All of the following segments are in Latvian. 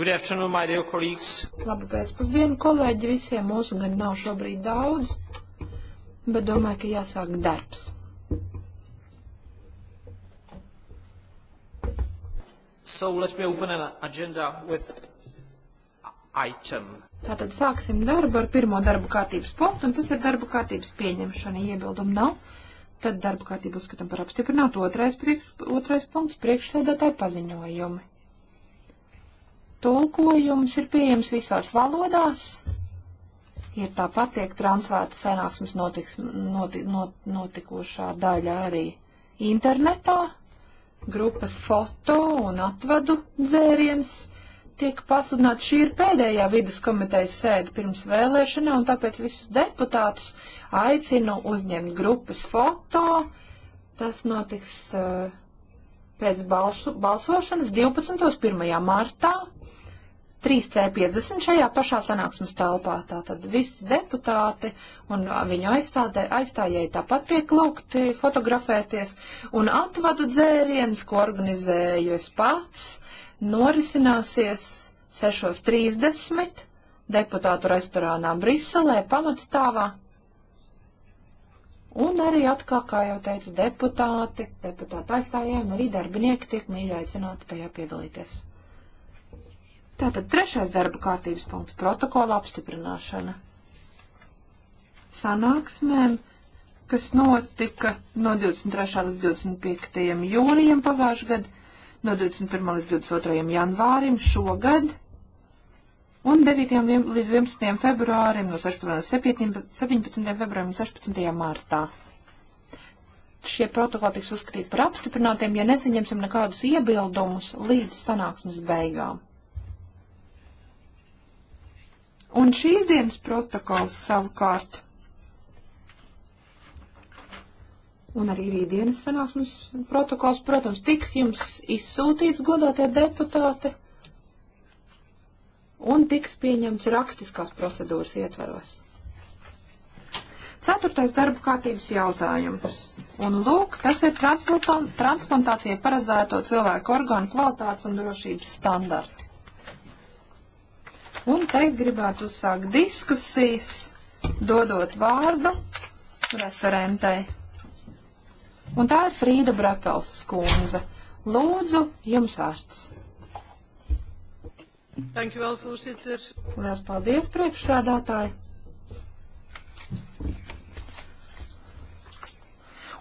Good afternoon, my dear colleagues. Labu pēcpusdienu, kolēģi. Visiem mūsu gan nav šobrīd daudz, bet domāju, ka jāsāk darbs. So let me open an agenda with item. Tātad sāksim darbu ar pirmo darbu kārtības punktu, un tas ir darbu kārtības pieņemšana. Iebildumu nav. Tad darbu kārtību uzskatām par apstiprinātu. Otrais, priekš, otrais punkts - priekšsēdētāji paziņojumi. Tulkojums ir pieejams visās valodās. Ir tāpat tiek translēta sanāksmes notiks, noti, not, notikušā daļa arī internetā. Grupas foto un atvadu dzēriens tiek pasludināts. Šī ir pēdējā vidas komitejas sēde pirms vēlēšanā, un tāpēc visus deputātus aicinu uzņemt grupas foto. Tas notiks uh, pēc balsu, balsošanas 12.1. martā 3C50 šajā pašā sanāksmes telpā. Tātad visi deputāti un viņu aizstādē, aizstājēji tāpat tiek lūgti fotografēties un atvadu dzēriens, ko organizēju es pats, norisināsies 6.30 deputātu restorānā Briselē pamatstāvā. Un arī atkal, kā jau teicu, deputāti, deputāti aizstājēji un arī darbinieki tiek mīļi aicināti tajā piedalīties. Tātad trešais darba kārtības punkts - protokola apstiprināšana. Sanāksmēm, kas notika no 23. līdz 25. jūnijam pagājušajā gadā, no 21. līdz 22. janvārim šogad un 9. līdz 11. februārim, no 16. 17. februārim un 16. martā. Šie protokoli tiks uzskatīti par apstiprinātiem, ja nesaņemsim nekādus iebildumus līdz sanāksmes beigām. Un šīs dienas protokols savukārt. Un arī rītdienas sanāksmes protokols, protams, tiks jums izsūtīts, godātie deputāti, un tiks pieņemts rakstiskās procedūras ietvaros. Ceturtais darba kārtības jautājums. Un lūk, tas ir transplantācija paredzēto cilvēku orgānu kvalitātes un drošības standarts. Un te gribētu uzsākt diskusijas, dodot vārdu referentei. Un tā ir Frīda Brepels skundze. Lūdzu, jums vārds. Dankjewel, voorzitter. Lielas paldies, priekšsēdētāji.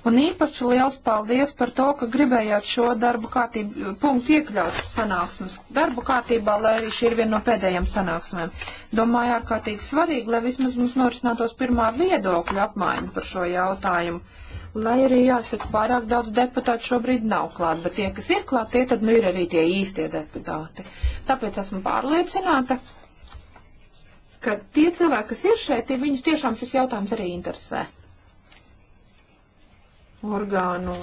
Un īpaši liels paldies par to, ka gribējāt šo darbu kārtību punktu iekļaut sanāksmes darbu kārtībā, lai arī šī ir viena no pēdējām sanāksmēm. Domāju, ārkārtīgi svarīgi, lai vismaz mums norisinātos pirmā viedokļa apmaiņa par šo jautājumu. Lai arī jāsaka, pārāk daudz deputātu šobrīd nav klāt, bet tie, kas ir klāt, tie tad nu ir arī tie īstie deputāti. Tāpēc esmu pārliecināta, ka tie cilvēki, kas ir šeit, tie viņus tiešām šis jautājums arī interesē orgānu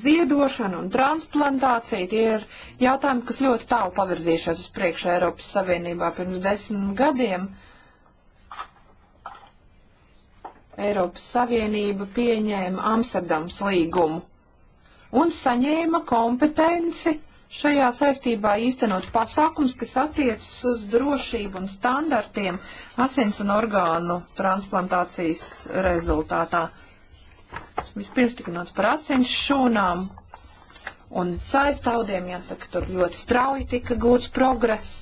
ziedošana un transplantācija tie ir jautājumi, kas ļoti tālu pavirzījušies uz priekšu Eiropas Savienībā pirms desmit gadiem. Eiropas Savienība pieņēma Amsterdams līgumu un saņēma kompetenci šajā saistībā īstenot pasākums, kas attiecas uz drošību un standartiem asins un orgānu transplantācijas rezultātā. Vispirms tik nāc par asins šūnām un saistaudiem, jāsaka, tur ļoti strauji tika gūts progress.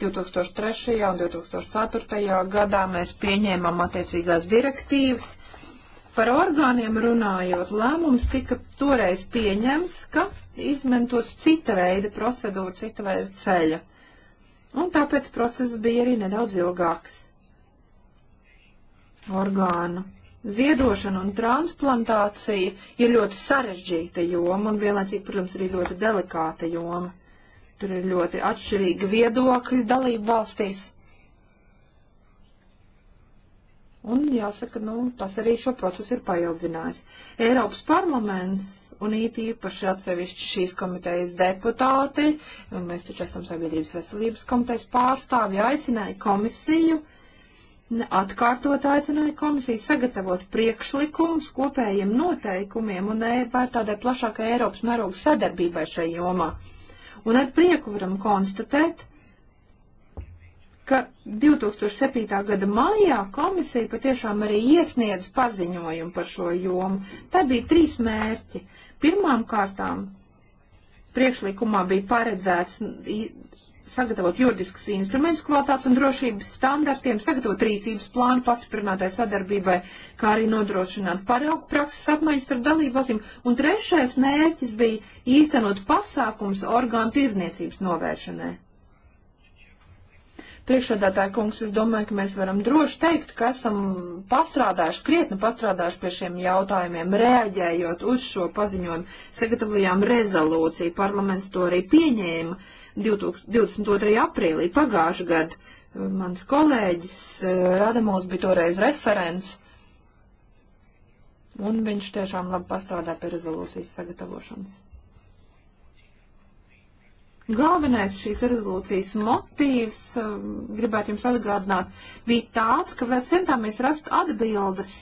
2003. un 2004. gadā mēs pieņēmām attiecīgās direktīvas. Par orgāniem runājot, lēmums tika toreiz pieņemts, ka izmantos cita veida procedūru, cita veida ceļa. Un tāpēc process bija arī nedaudz ilgāks. Orgānu ziedošana un transplantācija ir ļoti sarežģīta joma un vienlaicīgi, protams, arī ļoti delikāta joma. Tur ir ļoti atšķirīgi viedokļi dalību valstīs. Un jāsaka, nu, tas arī šo procesu ir paildzinājis. Eiropas parlaments un it īpaši atsevišķi šīs komitejas deputāti, un mēs taču esam sabiedrības veselības komitejas pārstāvi, aicināja komisiju uh, atkārtot aicināja komisiju sagatavot priekšlikumus kopējiem noteikumiem un e, tādai plašākai Eiropas mērogu sadarbībai šai jomā. Un ar prieku varam konstatēt, ka 2007. gada maijā komisija patiešām arī iesniedz paziņojumu par šo jomu. Tā bija trīs mērķi. Pirmām kārtām priekšlikumā bija paredzēts sagatavot juridiskus instrumentus kvalitātes un drošības standartiem, sagatavot rīcības plānu pastiprinātai sadarbībai, kā arī nodrošināt paraugu prakses apmaiņas starp dalībvalstīm. Un trešais mērķis bija īstenot pasākums orgānu tirdzniecības novēršanai. Priekšādātāja kungs, es domāju, ka mēs varam droši teikt, ka esam pastrādājuši, krietni pastrādājuši pie šiem jautājumiem, reaģējot uz šo paziņojumu, sagatavojām rezolūciju, parlaments to arī pieņēma 22. aprīlī pagājušā gada. Eh, mans kolēģis eh, Radamovs bija toreiz referents, un viņš tiešām labi pastrādā pie rezolūcijas sagatavošanas. Galvenais šīs rezolūcijas motīvs, eh, gribētu jums atgādināt, bija tāds, ka centāmies rast atbildes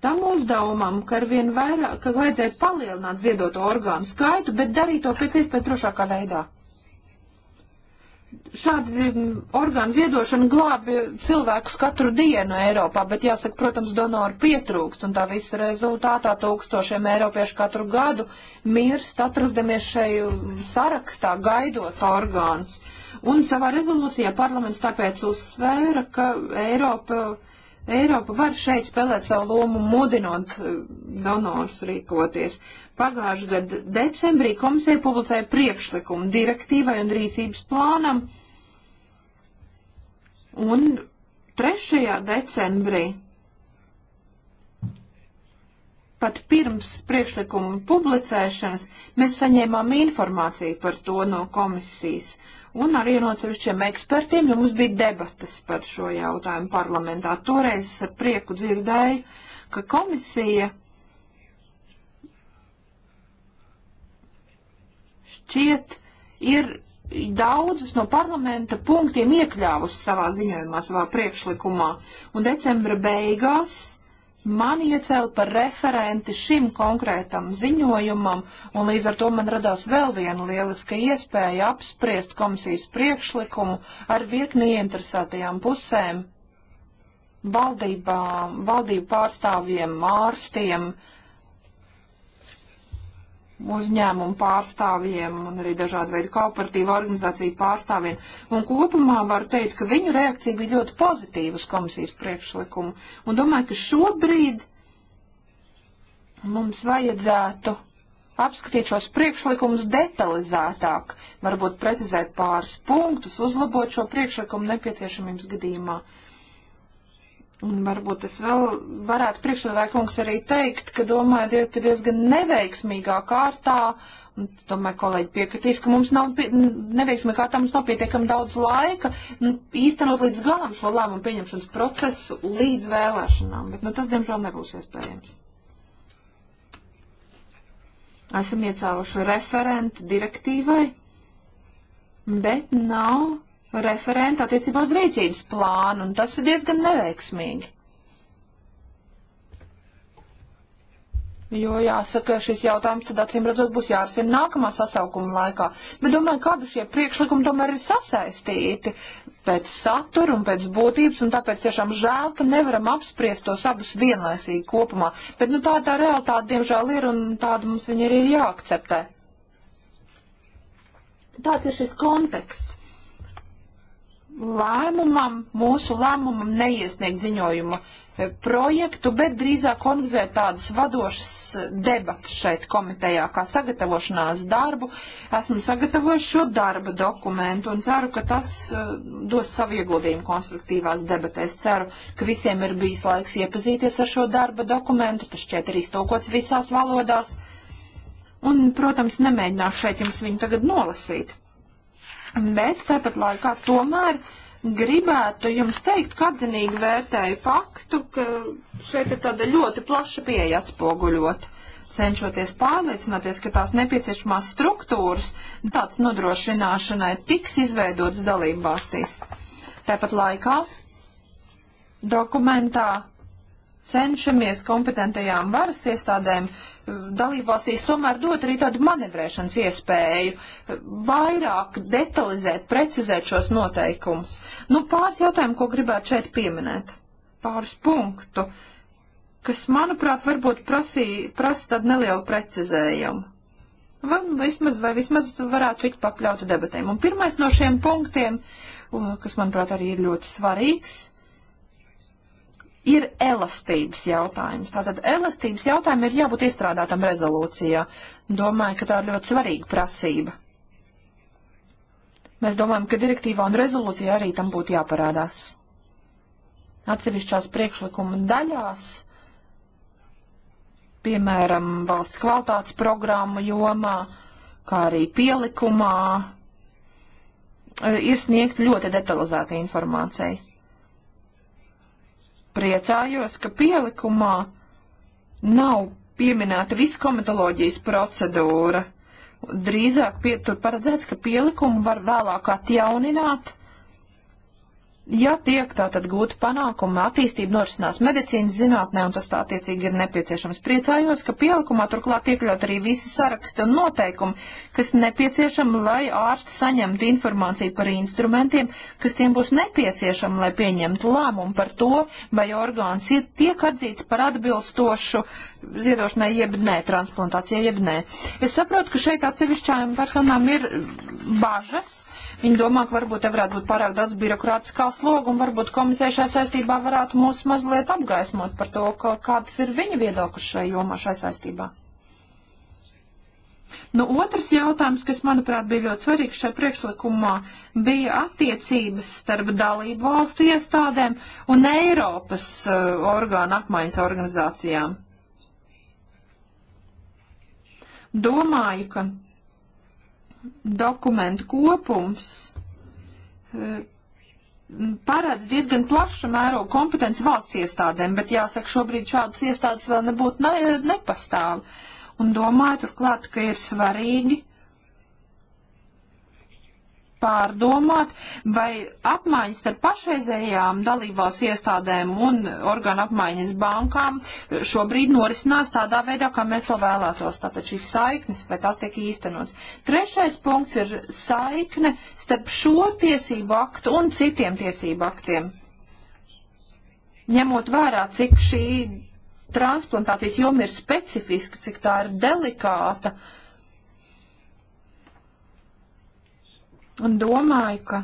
tam uzdevumam, ka arvien vairāk, ka vajadzēja palielināt ziedot orgānu skaitu, bet darīt to pēc iespējas drošākā veidā. Šādi mm, orgānu ziedošana glābi cilvēkus katru dienu Eiropā, bet jāsaka, protams, donoru pietrūkst, un tā visa rezultātā tūkstošiem eiropiešu katru gadu mirst, atrastamies šai mm, sarakstā gaidot orgānus. Un savā rezolūcijā parlaments tāpēc uzsvēra, ka Eiropa uh, Eiropa var šeit spēlēt savu lomu, mudinot eh, donors rīkoties. Pagājušā gada decembrī komisija publicēja priekšlikumu direktīvai un rīcības plānam, un 3. decembrī, pat pirms priekšlikuma publicēšanas, mēs saņēmām informāciju par to no komisijas. Uh, un arī no atsevišķiem ekspertiem, jo mums bija debatas par šo jautājumu parlamentā. Toreiz es ar prieku dzirdēju, ka komisija šķiet ir daudzus no parlamenta punktiem iekļāvusi savā ziņojumā, savā priekšlikumā, un decembra beigās mani iecēla par referenti šim konkrētam ziņojumam, un līdz ar to man radās vēl viena lieliska iespēja apspriest komisijas priekšlikumu ar virkni ieinteresētajām pusēm - valdībām, valdību pārstāvjiem, ārstiem, uh, uzņēmumu pārstāvjiem un arī dažādu veidu kooperatīvu organizāciju pārstāvjiem. Un kopumā var teikt, ka viņu reakcija bija ļoti pozitīva uz komisijas priekšlikumu. Un domāju, ka šobrīd mums vajadzētu apskatīt šos priekšlikumus detalizētāk, varbūt precizēt pāris punktus, uzlabot šo priekšlikumu nepieciešamības gadījumā. Uh, Un varbūt es vēl varētu priekšstādāju kungs arī teikt, ka domāju, ka diezgan neveiksmīgā kārtā, un tomēr kolēģi piekritīs, ka mums nav, neveiksmīgā kārtā mums nav pietiekami daudz laika nu, īstenot līdz galam šo lēmumu pieņemšanas procesu līdz vēlēšanām, bet nu, tas, diemžēl, nebūs iespējams. Esam iecēluši referentu direktīvai, bet nav referenta attiecībā uz rīcības plānu, un tas ir diezgan neveiksmīgi. Jo jāsaka, šis jautājums tad acīm redzot būs jārisina nākamā sasaukuma laikā. Bet domāju, kādu šie priekšlikumi tomēr ir sasaistīti pēc satura un pēc būtības, un tāpēc tiešām žēl, ka nevaram apspriest tos abus vienlaicīgi kopumā. Bet nu tā tā realitāte diemžēl ir, un tādu mums viņi arī ir jāakceptē. Tāds ir šis konteksts lēmumam, mūsu lēmumam neiesniegt ziņojumu eh, projektu, bet drīzāk organizēt tādas vadošas eh, debatas šeit komitejā, kā sagatavošanās darbu. Esmu sagatavojis šo darba dokumentu un ceru, ka tas eh, dos savu ieguldījumu konstruktīvās debatēs. Ceru, ka visiem ir bijis laiks iepazīties ar šo darba dokumentu, tas šķiet ir iztulkots visās valodās. Un, protams, nemēģināšu šeit jums viņu tagad nolasīt bet tāpat laikā tomēr gribētu jums teikt, ka atzinīgi vērtēju faktu, ka šeit ir tāda ļoti plaša pieeja atspoguļota cenšoties pārliecināties, ka tās nepieciešamās struktūras tāds nodrošināšanai tiks izveidotas dalību valstīs. Tāpat laikā dokumentā cenšamies kompetentajām varas iestādēm eh, dalībvalstīs tomēr dot arī tādu manevrēšanas iespēju, eh, vairāk detalizēt, precizēt šos noteikumus. Nu, pāris jautājumu, ko gribētu šeit pieminēt. Pāris punktu, kas, manuprāt, varbūt prasīja, prasa tādu nelielu precizējumu. Vai nu vismaz, vai vismaz varētu tikt pakļauti debatēm. Un pirmais no šiem punktiem, kas, manuprāt, arī ir ļoti svarīgs, ir elastības jautājums. Tātad elastības jautājumu ir jābūt iestrādātam rezolūcijā. Domāju, ka tā ir ļoti svarīga prasība. Mēs domājam, ka direktīvā un rezolūcijā arī tam būtu jāparādās. Atsevišķās priekšlikuma daļās, piemēram, valsts kvalitātes programma jomā, kā arī pielikumā, ir sniegt ļoti detalizēta informācija. Priecājos, ka pielikumā nav pieminēta viskomitoloģijas procedūra. Drīzāk pie, tur paredzēts, ka pielikumu var vēlāk atjaunināt ja tiek tātad gūti panākumi, attīstība norisinās medicīnas zinātnē, un tas tā attiecīgi ir nepieciešams. Priecājos, ka pielikumā turklāt iekļaut arī visi saraksti un noteikumi, kas nepieciešami, lai ārsts saņemtu informāciju par instrumentiem, kas tiem būs nepieciešami, lai pieņemtu lēmumu par to, vai orgāns ir, tiek atzīts par atbilstošu ziedošanai jeb nē, transplantācijai jeb nē. Es saprotu, ka šeit atsevišķām personām ir bažas Viņi domā, ka varbūt te varētu būt pārāk daudz birokrātiskā sloga, un varbūt komisija šai saistībā varētu mūs mazliet apgaismot par to, ka, kādas ir viņa viedoklis šai jomā šai saistībā. Nu, otrs jautājums, kas, manuprāt, bija ļoti svarīgs šajā priekšlikumā, bija attiecības starp dalību valstu iestādēm un Eiropas uh, orgānu apmaiņas organizācijām. Domāju, ka dokumentu kopums e, paredz diezgan plaša mēroga kompetenci valsts iestādēm, bet jāsaka, šobrīd šādas iestādes vēl nebūtu ne, nepastāv. Un domāju turklāt, ka ir svarīgi pārdomāt, vai apmaiņas ar pašreizējām dalībvalsts iestādēm un organu apmaiņas bankām šobrīd norisinās tādā veidā, kā mēs to vēlētos. Tātad šīs saiknes, vai tās tiek īstenots. Trešais punkts ir saikne starp šo tiesību aktu un citiem tiesību aktiem. Ņemot vērā, cik šī transplantācijas joma ir specifiska, cik tā ir delikāta. Uh, Un domāju, ka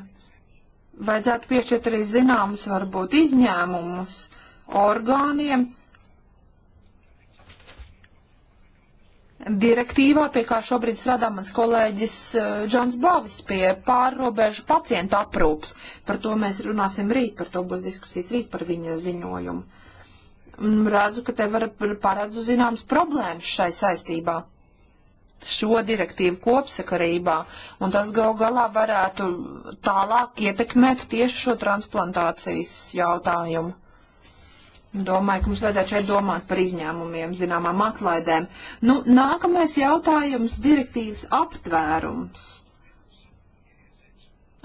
vajadzētu piešķirt arī zināmas varbūt izņēmumus orgāniem. Direktīvā, pie kā šobrīd strādā mans kolēģis eh, Džons Bovis pie pārrobežu pacientu aprūps. Par to mēs runāsim rīt, par to būs diskusijas rīt par viņa ziņojumu. Redzu, ka te var paredzu zināmas problēmas šai saistībā šo direktīvu kopsakarībā, un tas gal galā varētu tālāk ietekmēt tieši šo transplantācijas jautājumu. Domāju, ka mums vajadzētu šeit domāt par izņēmumiem, zināmām atlaidēm. Nu, nākamais jautājums - direktīvas aptvērums.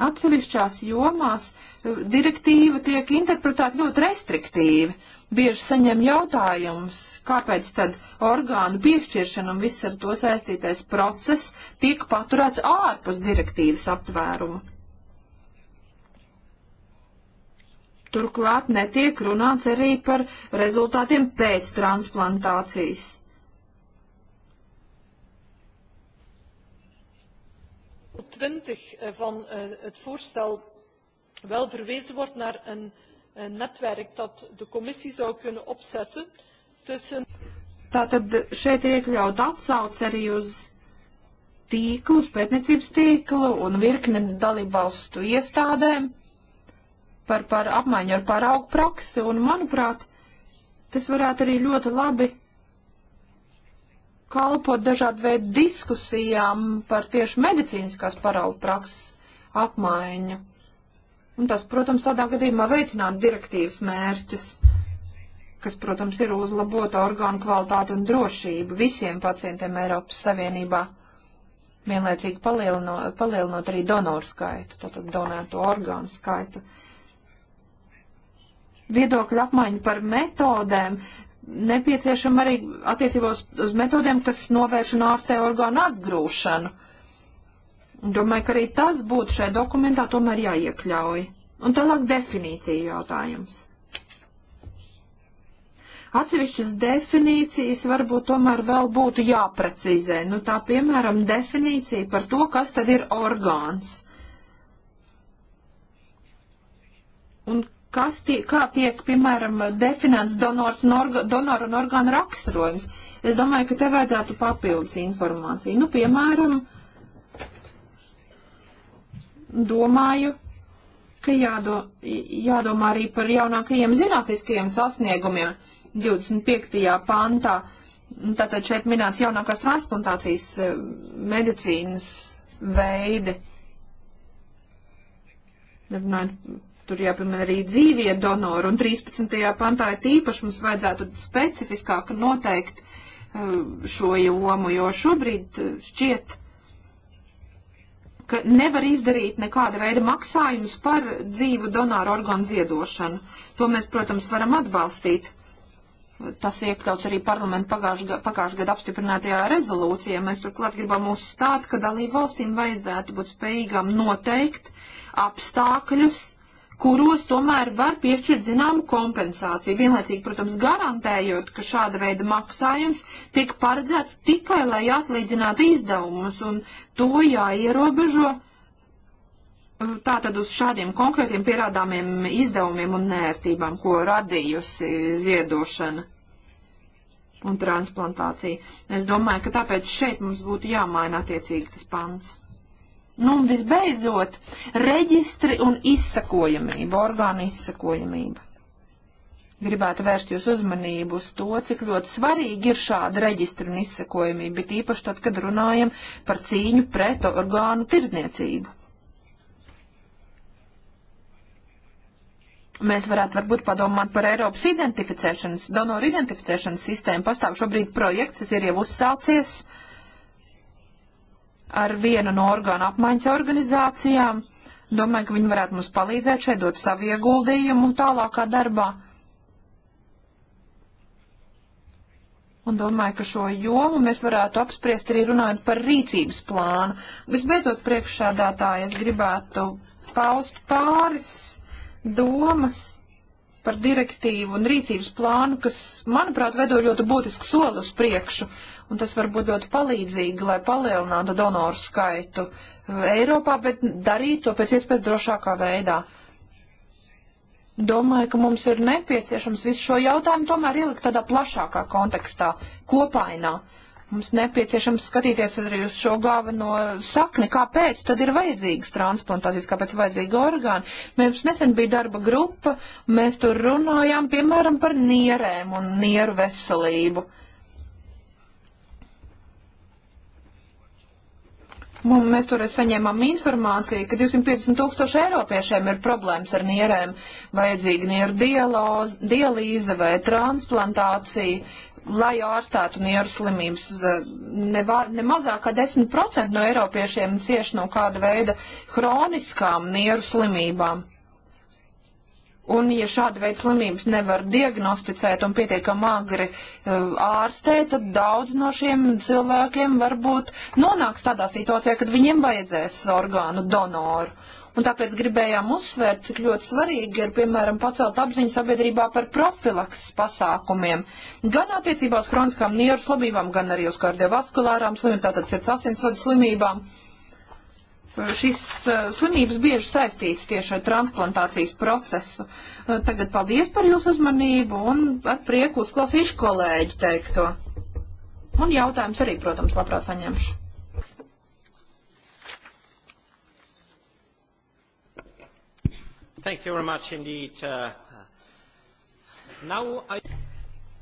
Atsevišķās jomās uh, direktīva tiek interpretēta ļoti restriktīvi bieži saņem jautājumus, kāpēc tad orgānu piešķiršana un viss ar to saistītais process tiek paturēts ārpus direktīvas aptvērumu. Turklāt netiek runāts arī par rezultātiem pēc transplantācijas. Op 20 eh, van uh, het voorstel wel verwezen wordt naar een uh, een netwerk dat de commissie zou kunnen opzetten tussen. Tātad šeit ir iekļauta atsauce arī uz tīklu, pētniecības tīklu un virkni dalībvalstu iestādēm par, par apmaiņu ar paraugu praksi, un manuprāt, tas varētu arī ļoti labi kalpot dažādu veidu diskusijām par tieši medicīniskās paraugu prakses apmaiņu. Un tas, protams, tādā gadījumā veicinātu direktīvas mērķus, kas, protams, ir uzlabota orgānu kvalitāte un drošība visiem pacientiem Eiropas Savienībā, vienlaicīgi palielinot, palielinot arī donoru skaitu, tātad donēto orgānu skaitu. Viedokļa apmaiņa par metodēm nepieciešama arī attiecībos uz metodēm, kas novērš un ārstē orgānu atgrūšanu Domāju, ka arī tas būtu šajā dokumentā tomēr jāiekļauj. Un tālāk definīciju jautājums. Atsevišķas definīcijas varbūt tomēr vēl būtu jāprecizē. Nu tā, piemēram, definīcija par to, kas tad ir orgāns. Un kas tie, kā tiek, piemēram, definēts donors un orga, donoru un orgānu raksturojums. Es domāju, ka te vajadzētu papildus informāciju. Nu, piemēram, uh, domāju, ka jādo, jādomā arī par jaunākajiem zinātniskajiem sasniegumiem 25. pantā. Tātad šeit minēts jaunākās transplantācijas eh, medicīnas veidi. Tur jāpiemēr arī dzīvie donori, un 13. pantā ir tīpaši mums vajadzētu specifiskāk noteikt eh, šo jomu, jo šobrīd eh, šķiet, ka nevar izdarīt nekāda veida maksājumus par dzīvu donāru orgānu ziedošanu. To mēs, protams, varam atbalstīt. Tas iekļauts arī parlamentu pagājušā gada apstiprinātajā rezolūcijā. Mēs turklāt gribam uzstāt, ka dalību valstīm vajadzētu būt spējīgām noteikt apstākļus, kuros tomēr var piešķirt zināmu kompensāciju. Vienlaicīgi, protams, garantējot, ka šāda veida maksājums tiek paredzēts tikai, lai atlīdzinātu izdevumus, un to jāierobežo um, tātad uz šādiem konkrētiem pierādāmiem izdevumiem un nērtībām, ko radījusi ziedošana un transplantācija. Es domāju, ka tāpēc šeit mums būtu jāmaina attiecīgi tas pants. Nu, un visbeidzot, reģistri un izsakojamība, orgānu izsakojamība. Gribētu vērst jūs uzmanību uz to, cik ļoti svarīgi ir šāda reģistra un izsakojamība, bet īpaši tad, kad runājam par cīņu pret orgānu tirdzniecību. Mēs varētu varbūt padomāt par Eiropas identificēšanas, donoru identificēšanas sistēmu. Pastāv šobrīd projekts, tas ir jau uzsācies. Uh, ar vienu no orgānu apmaiņas organizācijām. Domāju, ka viņi varētu mums palīdzēt šeit dot savu ieguldījumu tālākā darbā. Un domāju, ka šo jomu mēs varētu apspriest arī runājot par rīcības plānu. Visbeidzot, priekšsādātāji, es gribētu paust pāris domas par direktīvu un rīcības plānu, kas, manuprāt, vedo ļoti būtisku soli uz priekšu. Uh, un tas var būt ļoti palīdzīgi, lai palielinātu donoru skaitu uh, Eiropā, bet darīt to pēc iespējas drošākā veidā. Domāju, ka mums ir nepieciešams visu šo jautājumu tomēr ielikt tādā plašākā kontekstā, kopainā. Mums nepieciešams skatīties arī uz šo galveno sakni, kāpēc tad ir vajadzīgas transplantācijas, kāpēc ir vajadzīga orgāna. Mums nesen bija darba grupa, mēs tur runājām, piemēram, par nierēm un nieru veselību. Uh, Un mēs toreiz saņēmām informāciju, ka 250 tūkstoši eiropiešiem ir problēmas ar nierēm, vajadzīga nieru dialoz, dialīze vai transplantācija, lai ārstētu nieru slimības. Ne, ne mazāk kā 10% no eiropiešiem cieš no kāda veida hroniskām nieru slimībām. Un, ja šāda veida slimības nevar diagnosticēt un pietiekami agri eh, ārstēt, tad daudz no šiem cilvēkiem varbūt nonāks tādā situācijā, kad viņiem vajadzēs orgānu donoru. Un tāpēc gribējām uzsvērt, cik ļoti svarīgi ir, piemēram, pacelt apziņu sabiedrībā par profilakses pasākumiem. Gan attiecībā uz kroniskām nieru slimībām, gan arī uz kardiovaskulārām slimībām, tātad sirds asinsvadu slimībām šīs eh, slimības bieži saistīts tieši ar transplantācijas procesu. Eh, tagad paldies par jūsu uzmanību un ar prieku uzklausīšu kolēģi teikto. Un jautājums arī, protams, labprāt saņemšu. Thank you very much indeed. Uh, uh, now I...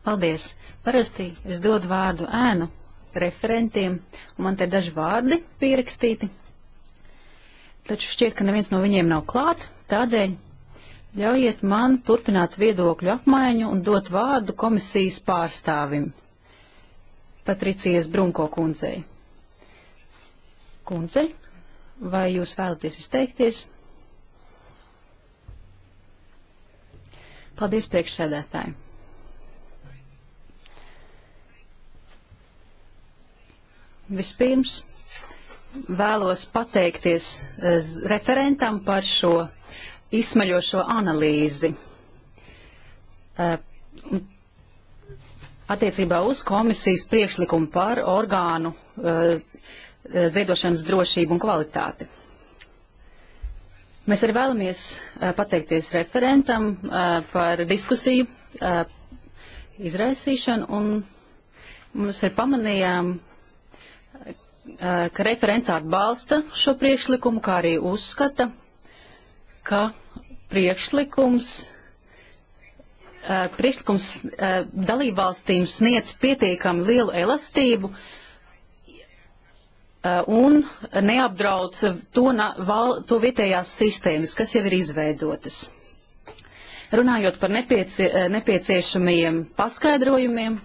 Paldies. Parasti es dodu vārdu ēnu referentiem, un man te daži vārdi pierakstīti, taču šķiet, ka neviens no viņiem nav klāt, tādēļ ļaujiet man turpināt viedokļu apmaiņu un dot vārdu komisijas pārstāvim, Patricijas Brunko kundzei. Kundze, vai jūs vēlaties izteikties? Paldies priekšsēdētāji. Vispirms vēlos pateikties eh, referentam par šo izsmaļošo analīzi eh, attiecībā uz komisijas priekšlikumu par orgānu eh, ziedošanas drošību un kvalitāti. Mēs arī vēlamies pateikties referentam par diskusiju izraisīšanu un mēs arī pamanījām Eh, ka referents atbalsta šo priekšlikumu, kā arī uzskata, ka priekšlikums, eh, priekšlikums eh, dalībvalstīm sniedz pietiekami lielu elastību un neapdraud to, val, to vietējās sistēmas, kas jau ir izveidotas. Runājot par nepieci, nepieciešamajiem paskaidrojumiem,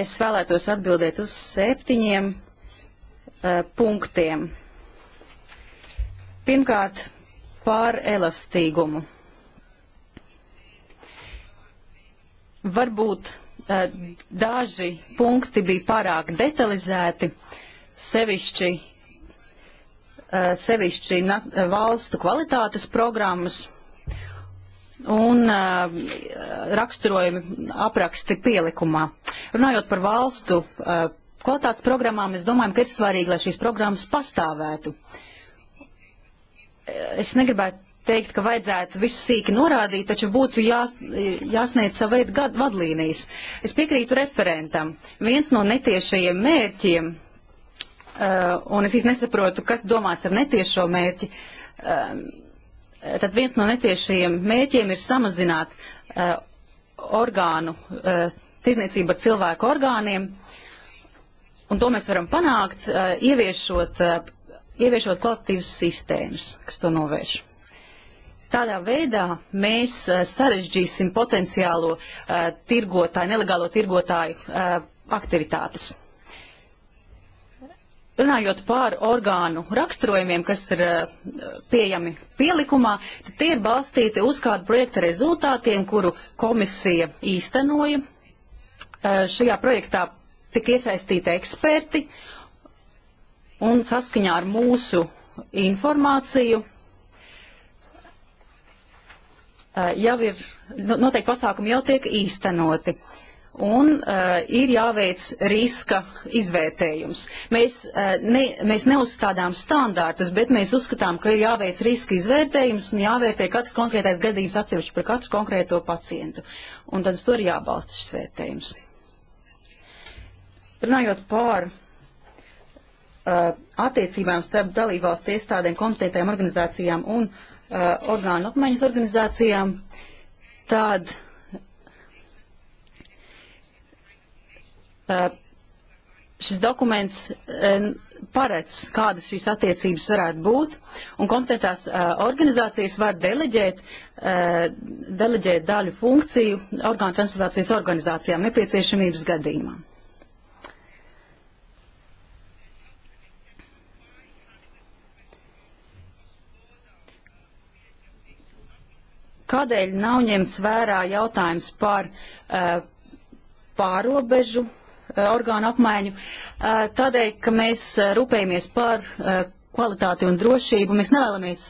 es vēlētos atbildēt uz septiņiem Eh, punktiem. Pirmkārt, par elastīgumu. Varbūt eh, daži punkti bija pārāk detalizēti, sevišķi, eh, sevišķi valstu kvalitātes programmas un raksturojumi apraksti pielikumā. Runājot par valstu kvalitātes programmām, mēs domājam, ka ir svarīgi, lai šīs programmas pastāvētu. Es negribētu teikt, ka vajadzētu visu sīki norādīt, taču būtu jās, jāsniedz savu veidu vadlīnijas. Es piekrītu referentam. Viens no netiešajiem mērķiem, uh, un es īsti nesaprotu, kas domāts ar netiešo mērķi, uh, tad viens no netiešajiem mērķiem ir samazināt uh, orgānu, uh, tirniecību ar cilvēku orgāniem. Uh, Un to mēs varam panākt, eh, ieviešot, eh, ieviešot kvalitīvas sistēmas, kas to novērš. Tādā veidā mēs eh, sarežģīsim potenciālo tirgotāju, nelegālo tirgotāju aktivitātes. Runājot par orgānu raksturojumiem, kas ir pieejami pielikumā, tad tie ir balstīti uz kādu projektu rezultātiem, kuru komisija īstenoja. Šajā projektā tika iesaistīti eksperti, un saskaņā ar mūsu informāciju jau ir, nu, noteikti pasākumi jau tiek īstenoti. Un uh, ir jāveic riska izvērtējums. Mēs, uh, ne, mēs neuzstādām standārtus, bet mēs uzskatām, ka ir jāveic riska izvērtējums un jāvērtē katrs konkrētais gadījums atsevišķi par katru konkrēto pacientu. Un tad uz to ir jābalsta šis vērtējums. Runājot par uh, attiecībām starp dalībvalstu iestādēm, komitētēm, organizācijām un uh, orgānu apmaiņas organizācijām, tad uh, šis dokuments uh, paredz, kādas šīs attiecības varētu būt, un kompetentās uh, organizācijas var deleģēt, uh, deleģēt daļu funkciju orgānu transplantācijas organizācijām nepieciešamības gadījumā. Kādēļ nav ņemts vērā jautājums par uh, pārobežu uh, orgānu apmaiņu? Uh, tādēļ, ka mēs rūpējamies par kvalitāti un drošību, mēs nevēlamies,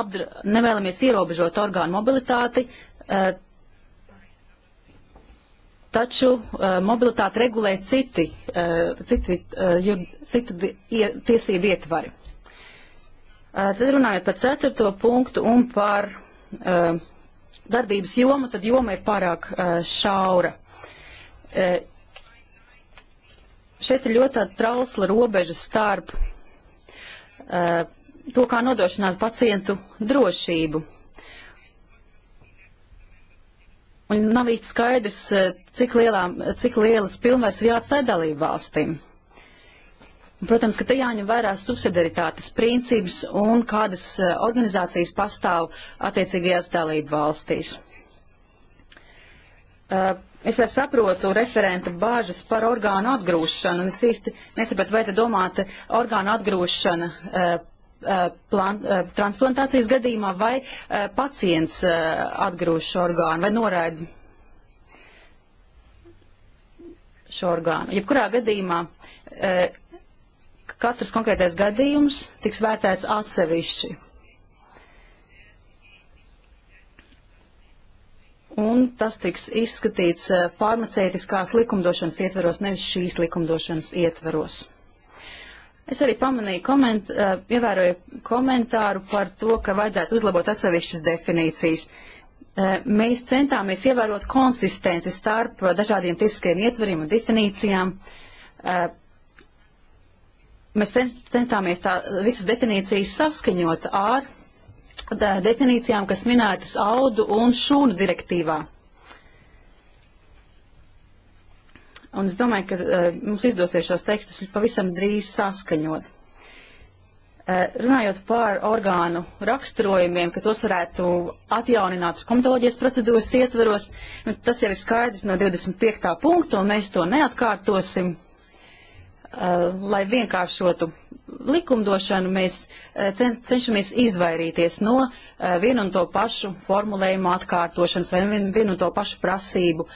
apdra, nevēlamies ierobežot orgānu mobilitāti. Taču uh, mobilitāti regulē citi, uh, citi, uh, jur, citi ie, tiesību ietvari. Uh, tad runājot par ceturto punktu un par uh, darbības jomu, tad joma ir pārāk uh, šaura. Uh, šeit ir ļoti trausla robeža starp uh, to, kā nodrošināt pacientu drošību. Un nav īsti skaidrs, uh, cik, lielā, cik lielas pilnvērs ir jāatstāj dalību valstīm. Un, protams, ka te jāņem vērā subsidiaritātes princips un kādas eh, organizācijas pastāv attiecīgajās dalību valstīs. Eh, es saprotu referenta bāžas par orgānu atgrūšanu, un es īsti nesapratu, vai te domāta orgānu atgrūšana eh, plan, transplantācijas gadījumā vai pacients atgrūž šo orgānu vai noraida šo orgānu. Jebkurā gadījumā katrs konkrētais gadījums tiks vērtēts atsevišķi. Un tas tiks izskatīts eh, farmaceitiskās likumdošanas ietveros, nevis šīs likumdošanas ietveros. Es arī pamanīju, koment, eh, ievēroju komentāru par to, ka vajadzētu uzlabot atsevišķas definīcijas. Eh, mēs centāmies ievērot konsistenci starp dažādiem tiesiskajiem ietveriem un definīcijām mēs centāmies tā, visas definīcijas saskaņot ar tā, definīcijām, kas minētas audu un šūnu direktīvā. Un es domāju, ka uh, mums izdosies šos tekstus pavisam drīz saskaņot. Uh, runājot par orgānu raksturojumiem, ka tos varētu atjaunināt komitoloģijas procedūras ietveros, nu, tas jau ir skaidrs no 25. punkta, un mēs to neatkārtosim. Uh, Uh, lai vienkāršotu likumdošanu, mēs uh, cen, cenšamies izvairīties no uh, vienu un to pašu formulējumu atkārtošanas vai vienu un to pašu prasību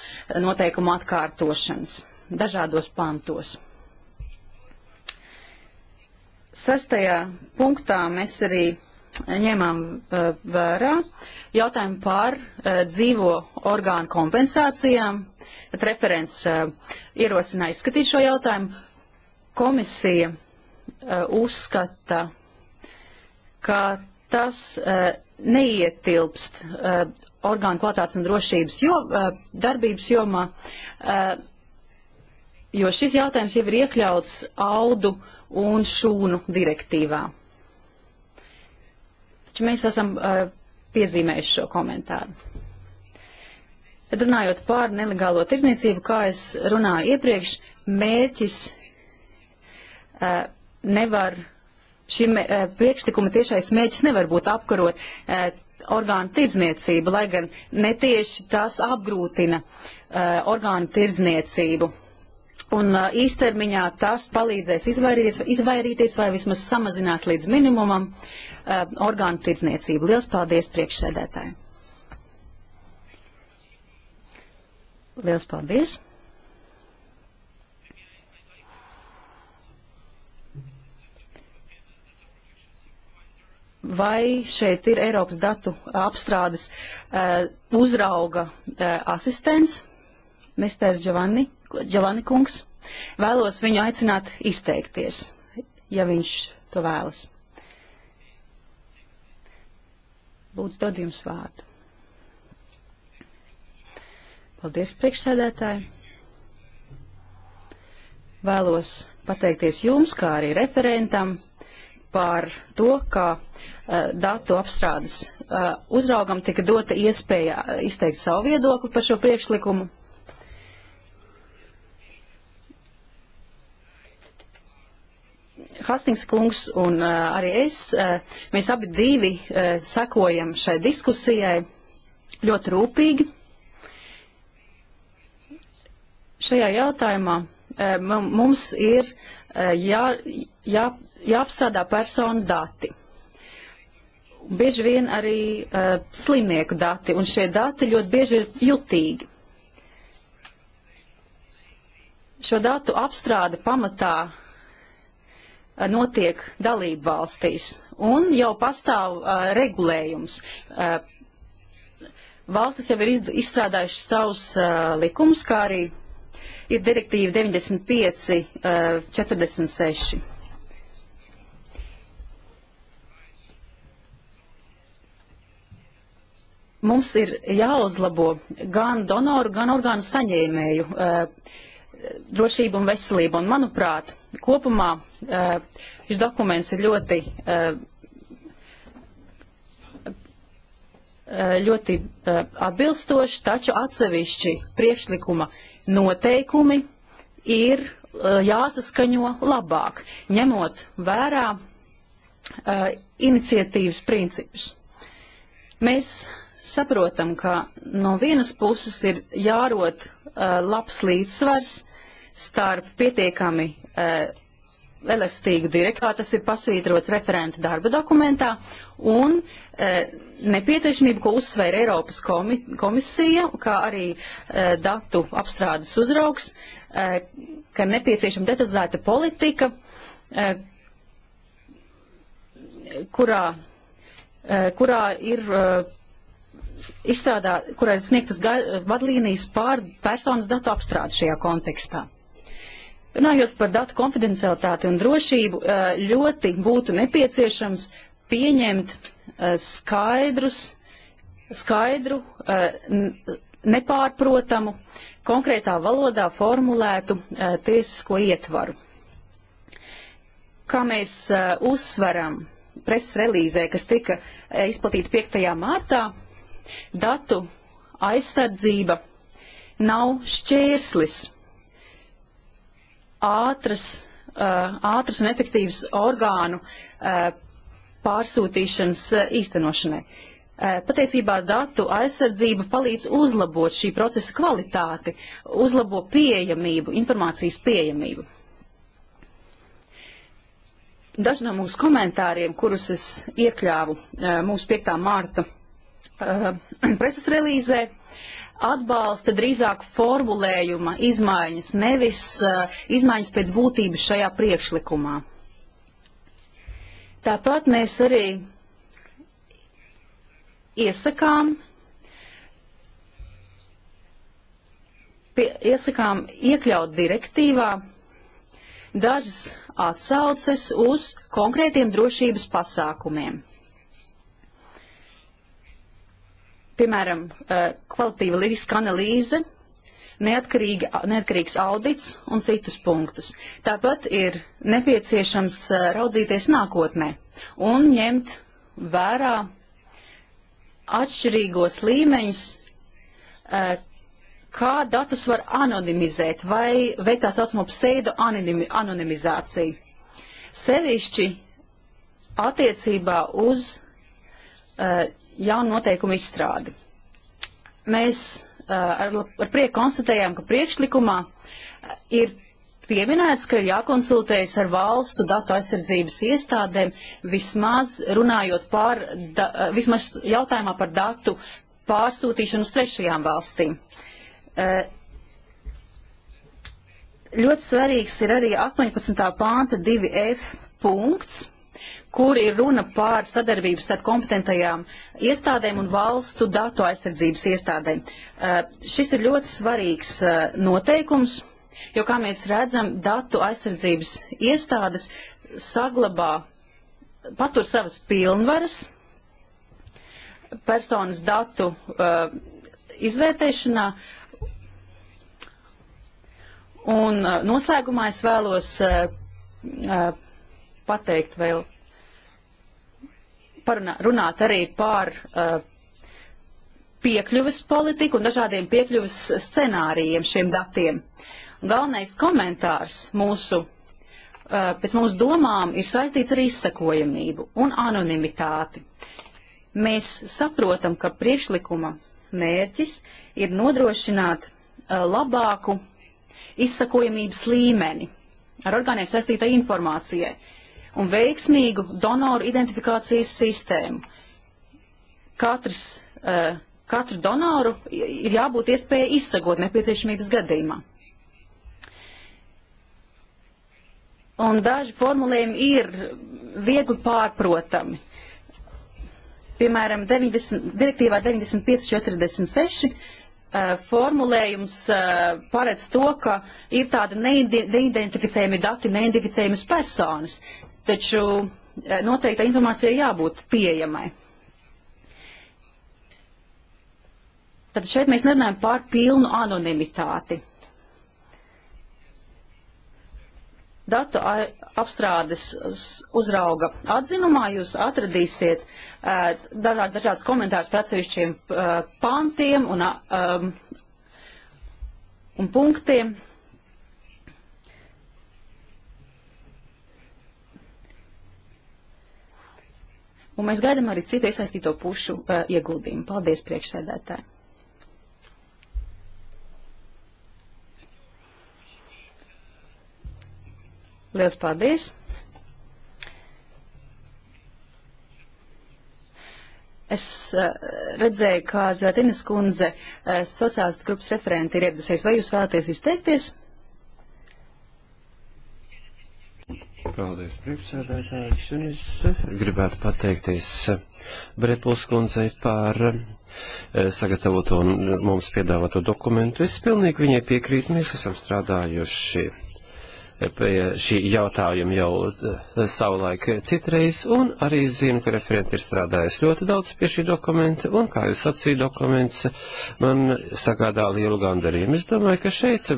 noteikumu atkārtošanas dažādos pantos. Sastajā punktā mēs arī ņemam vērā jautājumu par dzīvo orgānu kompensācijām. Tad referents ierosināja izskatīt šo jautājumu Komisija eh, uzskata, ka tas eh, neietilpst eh, orgānu kvalitātes un drošības jo, darbības jomā, jo šis jautājums jau ir iekļauts audu un šūnu direktīvā. Taču mēs esam piezīmējuši šo komentāru. Tad runājot par nelegālo tirdzniecību, kā es runāju iepriekš, mērķis Eh, nevar, šim eh, priekšlikuma tiešais mēģis nevar būt apkarot eh, orgānu tirdzniecību, lai gan netieši tas apgrūtina orgānu tirdzniecību. Un īstermiņā tas palīdzēs izvairīties, izvairīties vai vismaz samazinās līdz minimumam orgānu tirdzniecību. Lielas paldies priekšsēdētājiem! Lielas paldies! vai šeit ir Eiropas datu apstrādes uh, uzrauga uh, asistents, Misters Giovanni, Giovanni kungs. Vēlos viņu aicināt izteikties, ja viņš to vēlas. Lūdzu, dod jums vārdu. Paldies, priekšsēdētāji. Vēlos pateikties jums, kā arī referentam, par to, ka uh, datu apstrādes uh, uzraugam tika dota iespēja eh, izteikt savu viedokli par šo priekšlikumu. Hastings kungs un uh, arī es, uh, mēs abi divi uh, sekojam šai diskusijai ļoti rūpīgi. Šajā jautājumā mums ir jā, jā, jāapstrādā personu dati. Bieži vien arī uh, slimnieku dati, un šie dati ļoti bieži ir jutīgi. Šo datu apstrāde pamatā notiek dalību valstīs, un jau pastāv uh, regulējums. Uh, valstis jau ir izstrādājušas savus uh, likumus, kā arī ir direktīva 95-46. Uh, Mums ir jāuzlabo gan donoru, gan orgānu saņēmēju uh, drošību un veselību. Un, manuprāt, kopumā uh, šis dokuments ir ļoti, uh, uh ļoti uh, atbilstošs, taču atsevišķi priekšlikuma noteikumi ir uh, jāsaskaņo labāk, ņemot vērā uh, iniciatīvas principus. Mēs saprotam, ka no vienas puses ir jārot uh, eh, labs līdzsvars starp pietiekami uh, elastīgu direktīvu, tas ir pasvītrots referentu darba dokumentā, un e, nepieciešamību, ko uzsver Eiropas komi komisija, kā arī e, datu apstrādes uzraugs, e, ka nepieciešama detalizēta politika, e, kurā, e, kurā ir. E, izstrādā, kurai ir sniegtas vadlīnijas pār personas datu apstrādi šajā kontekstā. Runājot par datu konfidencialitāti un drošību, e, ļoti būtu nepieciešams pieņemt eh, skaidrus, skaidru, eh, nepārprotamu, konkrētā valodā formulētu eh, tiesisko ietvaru. Kā mēs uzsveram preses relīzē, kas tika izplatīta 5. martā, datu aizsardzība nav šķērslis ātras, ātras un efektīvas orgānu pārsūtīšanas e, īstenošanai. E, patiesībā datu aizsardzība palīdz uzlabot šī procesa kvalitāti, uzlabo pieejamību, informācijas pieejamību. Daži no mūsu komentāriem, kurus es iekļāvu e, mūsu 5. mārta preses relīzē, atbalsta drīzāk formulējuma izmaiņas, nevis izmaiņas pēc būtības šajā priekšlikumā. Tāpat mēs arī iesakām, pie, iesakām iekļaut direktīvā dažas atsauces uz konkrētiem drošības pasākumiem. Piemēram, eh, kvalitīva riska analīze neatkarīgs audits un citus punktus. Tāpat ir nepieciešams eh, raudzīties nākotnē un ņemt vērā atšķirīgos līmeņus, eh, kā datus var anonimizēt vai veikt tā saucamo pseido anonimizāciju. Sevišķi attiecībā uz uh, jaunu noteikumu izstrādi. Mēs Eh, ar, ar prieku konstatējām, ka priekšlikumā eh, ir pieminēts, ka ir jākonsultējas ar valstu datu aizsardzības iestādēm, vismaz runājot par, da, eh, vismaz jautājumā par datu pārsūtīšanu uz trešajām valstīm. Ļoti svarīgs ir arī 18. pānta 2F punkts kur ir runa pār sadarbību starp kompetentajām iestādēm un valstu datu aizsardzības iestādēm. Uh, šis ir ļoti svarīgs uh, noteikums, jo, kā mēs redzam, datu aizsardzības iestādes saglabā, patur savas pilnvaras personas datu uh, izvērtēšanā, Un noslēgumā es vēlos uh, uh, pateikt vēl, parunā, runāt arī par uh, piekļuves politiku un dažādiem piekļuves scenārijiem šiem datiem. Galvenais komentārs mūsu, uh, pēc mūsu domām ir saistīts ar izsakojamību un anonimitāti. Mēs saprotam, ka priekšlikuma mērķis ir nodrošināt uh, labāku izsakojamības līmeni ar orgāniem saistītai informācijai un veiksmīgu donoru identifikācijas sistēmu. Katrs, uh, katru donoru ir jābūt iespēja izsagot nepieciešamības gadījumā. Un daži formulējumi ir viegli pārprotami. Piemēram, 90, direktīvā 9546 uh, eh, formulējums uh, paredz to, ka ir tādi neidentificējami dati, neidentificējamas personas taču eh, noteikta informācija jābūt pieejamai. Tad šeit mēs nerunājam par pilnu anonimitāti. Datu apstrādes uzrauga atzinumā jūs atradīsiet uh, dažādas komentārus par atsevišķiem uh, pantiem un, uh, um, un punktiem. un mēs gaidām arī citu iesaistīto pušu uh, ieguldījumu. Paldies, priekšsēdētāji! Liels paldies! Es uh, redzēju, kā Zētinas kundze uh, sociālistu grupas referenti ir iedusies. Vai jūs vēlaties izteikties? Paldies, priekšsēdētājs, un es eh, gribētu pateikties eh, Brepuls kundzei par eh, sagatavoto un mums piedāvāto dokumentu. Es pilnīgi viņai piekrītu, mēs esam strādājuši pie šī jautājuma jau eh, savulaik citreiz, un arī zinu, ka referenti ir strādājis ļoti daudz pie šī dokumenta, un, kā jūs sacīja, dokuments man sagādā lielu gandarījumu. Es domāju, ka šeit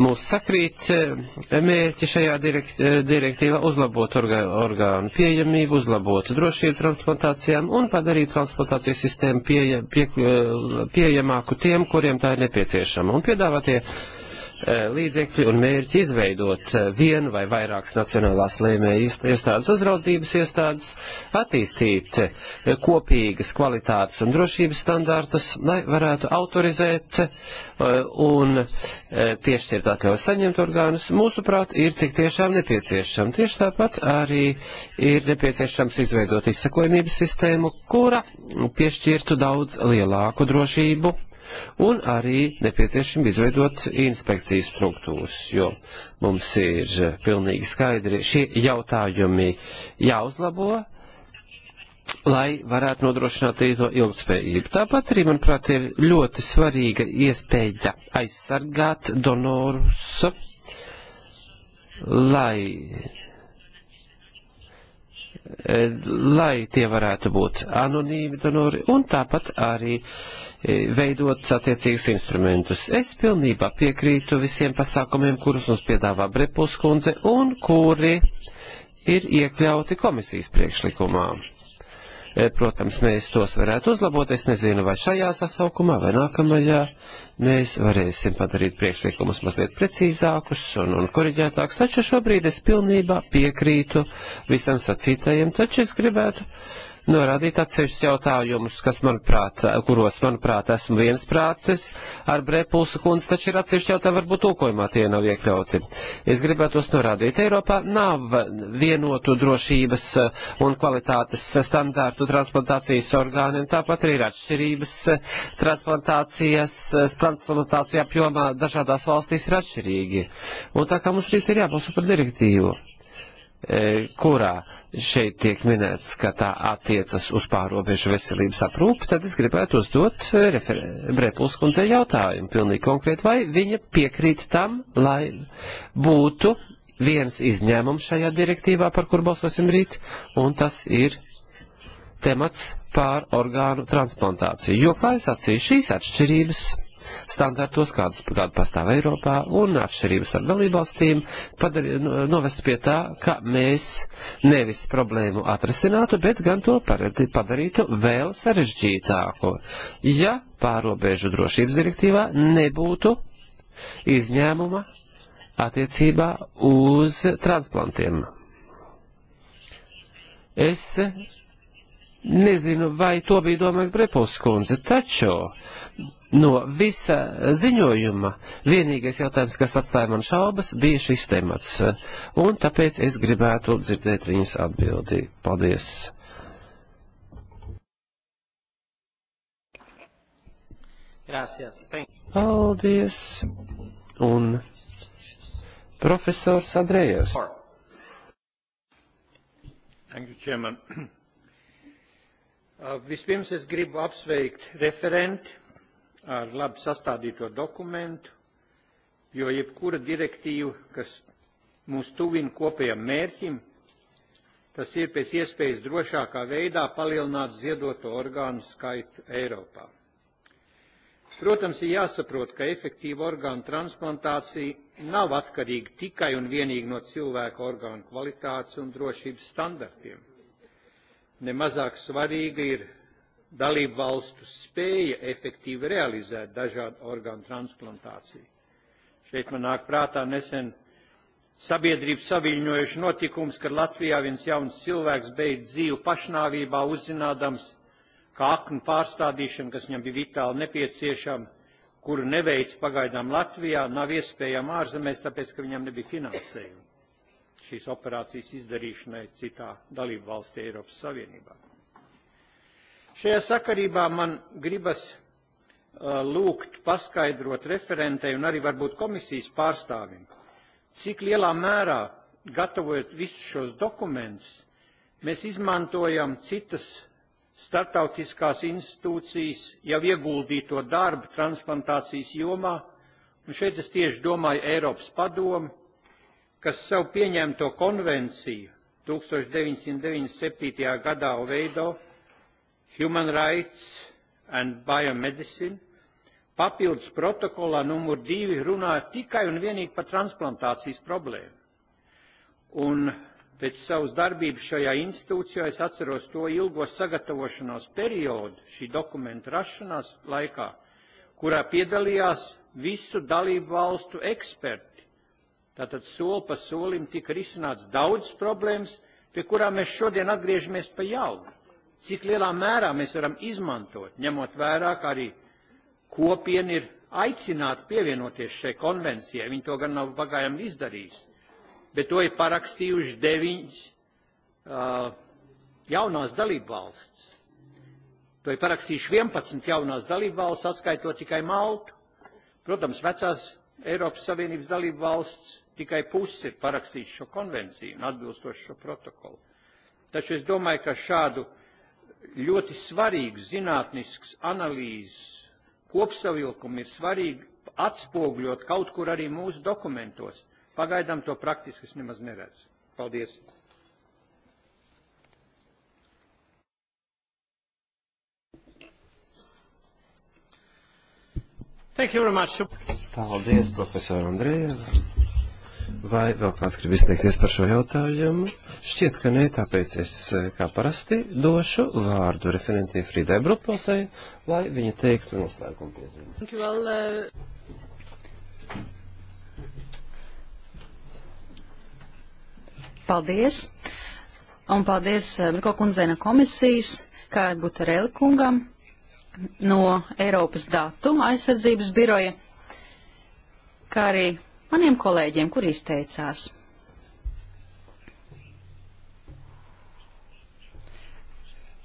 mūs sakrīt eh, mērķi šajā direkt, eh, direktīvā uzlabot orgānu pieejamību, uzlabot drošību transplantācijām un padarīt transplantācijas sistēmu pieeja, pie, pieejamāku tiem, kuriem tā ir nepieciešama. Un piedāvātie ja Eh, līdzekļi un mērķi izveidot eh, vienu vai vairākas nacionālās lēmēju iestādes uzraudzības iestādes, attīstīt eh, kopīgas kvalitātes un drošības standārtus, lai varētu autorizēt un piešķirt atļauju saņemt orgānus, mūsuprāt, ir tik tiešām nepieciešama. Tieši tāpat arī ir nepieciešams izveidot izsakojumības sistēmu, kura piešķirtu daudz lielāku drošību un arī nepieciešami izveidot inspekcijas struktūras, jo mums ir pilnīgi skaidri šie jautājumi jāuzlabo, lai varētu nodrošināt arī to ilgspējību. Tāpat arī, manuprāt, ir ļoti svarīga iespēja aizsargāt donorus, lai E, lai tie varētu būt anonīmi donori un tāpat arī e, veidot attiecīgus instrumentus. Es pilnībā piekrītu visiem pasākumiem, kurus mums piedāvā Brepus kundze un kuri ir iekļauti komisijas priekšlikumā. E, protams, mēs tos varētu uzlabot. Es nezinu, vai šajā sasaukumā vai nākamajā mēs varēsim padarīt priekšlikumus mazliet precīzākus un, un koriģētākus. Taču šobrīd es pilnībā piekrītu visam sacītajiem, taču es gribētu norādīt atsevišķus jautājumus, kas, manuprāt, kuros, manuprāt, esmu viensprātis ar Brepulsa kundzi, taču ir atsevišķi jautājumi, varbūt tūkojumā tie nav iekļauti. Es gribētu tos norādīt. Eiropā nav vienotu drošības eh, un kvalitātes standārtu transplantācijas orgāniem, tāpat arī ir atšķirības transplantācijas, eh, transplantāciju apjomā dažādās valstīs ir atšķirīgi. Un tā kā mums šeit ir jābalso par direktīvu. E, kurā šeit tiek minēts, ka tā attiecas uz pārobežu veselības aprūpi, tad es gribētu uzdot e, Bretlis kundzei jautājumu pilnīgi konkrēti, vai viņa piekrīt tam, lai būtu viens izņēmums šajā direktīvā, par kur balsosim rīt, un tas ir temats pār orgānu transplantāciju. Jo, kā es atsīju, šīs atšķirības standartos, kādas, kāda pastāv Eiropā, un atšķirības ar dalībvalstīm padari, novest pie tā, ka mēs nevis problēmu atrasinātu, bet gan to padarītu vēl sarežģītāko, ja pārobežu drošības direktīvā nebūtu izņēmuma attiecībā uz transplantiem. Es nezinu, vai to bija domājis Brepuls kundze, taču No visa ziņojuma vienīgais jautājums, kas atstāja man šaubas, bija šis temats, un tāpēc es gribētu dzirdēt viņas atbildi. Paldies! Gracias. Paldies! Un profesors Adrējas. Uh, vispirms es gribu apsveikt referenti ar labi sastādīto dokumentu, jo jebkura direktīva, kas mūs tuvina kopējam mērķim, tas ir pēc iespējas drošākā veidā palielināt ziedoto orgānu skaitu Eiropā. Protams, ir jāsaprot, ka efektīva orgānu transplantācija nav atkarīga tikai un vienīgi no cilvēka orgānu kvalitātes un drošības standartiem. Nemazāk svarīga ir dalību valstu spēja efektīvi realizēt dažādu orgānu transplantāciju. Šeit man nāk prātā nesen sabiedrību saviļņojuši notikums, kad Latvijā viens jauns cilvēks beidz dzīvu pašnāvībā uzzinādams, ka aknu pārstādīšana, kas viņam bija vitāli nepieciešama, kuru neveic pagaidām Latvijā, nav iespējama ārzemēs, tāpēc, ka viņam nebija finansējuma šīs operācijas izdarīšanai citā dalību valstī Eiropas Savienībā. Šajā sakarībā man gribas uh, lūgt paskaidrot referentei un arī varbūt komisijas pārstāvim, cik lielā mērā, gatavojot visus šos dokumentus, mēs izmantojam citas starptautiskās institūcijas jau ieguldīto darbu transplantācijas jomā, un šeit es tieši domāju Eiropas padomu, kas sev pieņemto konvenciju 1997. gadā Oveido human rights and biomedicine papildus protokolā numur divi runā tikai un vienīgi par transplantācijas problēmu. Un pēc savas darbības šajā institūcijā es atceros to ilgo sagatavošanos periodu šī dokumenta rašanās laikā, kurā piedalījās visu dalību valstu eksperti. Tātad soli pa solim tika risināts daudz problēmas, pie kurām mēs šodien atgriežamies pa jaunu cik lielā mērā mēs varam izmantot, ņemot vērā, ka arī kopiena ir aicināta pievienoties šai konvencijai. Viņi to gan nav pagājām izdarījusi, bet to ir parakstījuši deviņas uh, jaunās dalībvalsts. To ir parakstījuši 11 jaunās dalībvalsts, atskaitot tikai Maltu. Protams, vecās Eiropas Savienības dalībvalsts tikai pusi ir parakstījuši šo konvenciju un atbilstoši šo protokolu. Taču es domāju, ka šādu uh, ļoti svarīgs zinātnisks analīzes kopsavilkumi ir svarīgi atspogļot kaut kur arī mūsu dokumentos. Pagaidām to praktiski es nemaz neredzu. Paldies! Thank you very much. Paldies, profesor Andrēja. Vai vēl kāds grib izteikties par šo jautājumu? Šķiet, ka nē, tāpēc es eh, kā parasti došu vārdu referentie Frīdai Brupasai, lai viņa teiktu noslēgumu piezīmes. Uh, paldies! Un paldies uh, Mirko kundzēna komisijas, kā būtu Reli kungam no Eiropas datu aizsardzības biroja, kā arī maniem kolēģiem, kur izteicās.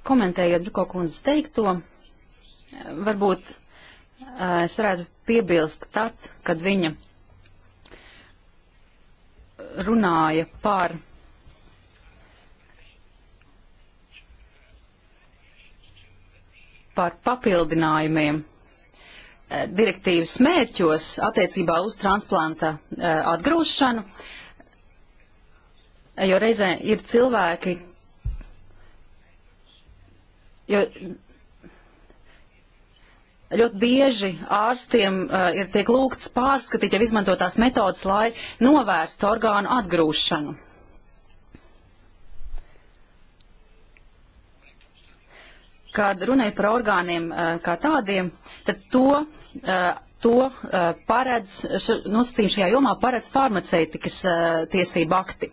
Komentējot Bruko kundzes teikto, varbūt es varētu piebilst tad, kad viņa runāja par par papildinājumiem Eh, direktīvas mērķos attiecībā uz transplanta eh, atgrūšanu, jo reizē ir cilvēki, jo ļoti bieži ārstiem uh, ir tiek lūgts pārskatīt jau izmantotās metodas, lai novērstu orgānu atgrūšanu. Kad runa ir par orgāniem eh, kā tādiem, tad to, eh, to eh, paredz, nu, nosacījumi šajā jomā paredz farmaceitikas tiesību akti.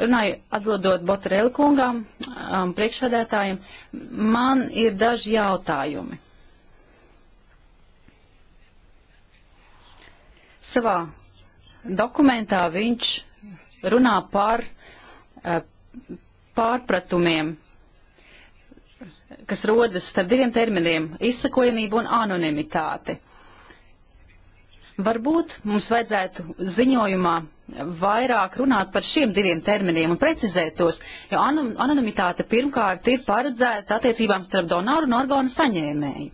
Runāju atbildot Botarēlu kungām, um, priekšsādētājiem, man ir daži jautājumi. Savā dokumentā viņš runā par uh, pārpratumiem, kas rodas starp diviem terminiem - izsakojamība un anonimitāte. Varbūt mums vajadzētu ziņojumā vairāk runāt par šiem diviem terminiem un precizēt tos, jo anonimitāte pirmkārt ir paredzēta attiecībām starp donoru un orgānu saņēmēju.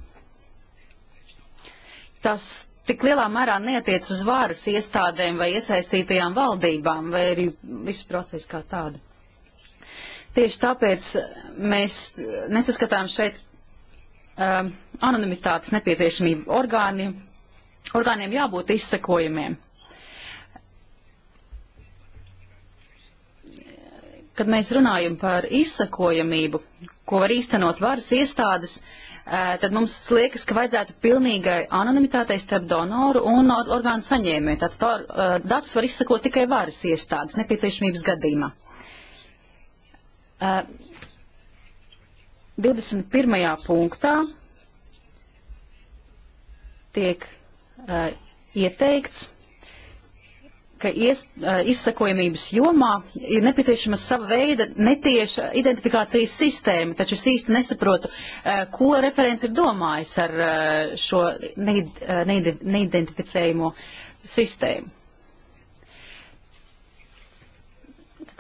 Tas tik lielā mērā neatiec uz vāras iestādēm vai iesaistītajām valdībām vai arī visu procesu kā tādu. Tieši tāpēc mēs nesaskatām šeit um, anonimitātes nepieciešamību. Orgāni, orgāniem jābūt izsekojumiem. Kad mēs runājam par izsekojamību, ko var īstenot varas iestādes, uh, tad mums liekas, ka vajadzētu pilnīgai anonimitātei starp donoru un orgānu saņēmēju. Tātad tā, uh, dats var izsekot tikai varas iestādes nepieciešamības gadījumā. Uh, 21. punktā tiek uh, ieteikts, ka ies, uh, izsakojamības jomā ir nepieciešama sava veida netieša identifikācijas sistēma, taču es īsti nesaprotu, uh, ko referents ir domājis ar uh, šo neid, uh, neid, neidentificējumu sistēmu.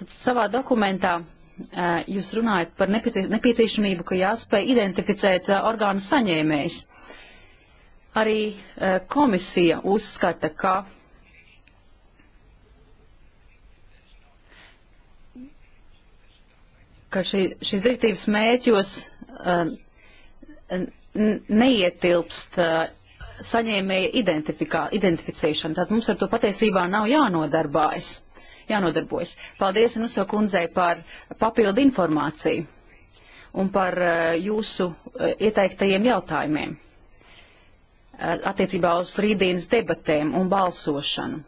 Tad savā dokumentā jūs runājat par nepieciešamību, ka jāspēj identificēt orgānu saņēmējs. Arī komisija uzskata, ka ka šī, šīs direktīvas mēķos neietilpst saņēmēja identificēšana. Tad mums ar to patiesībā nav jānodarbājas jānodarbojas. Paldies Nuso kundzei par papildu informāciju un par eh, jūsu eh, ieteiktajiem jautājumiem eh, attiecībā uz rītdienas debatēm un balsošanu.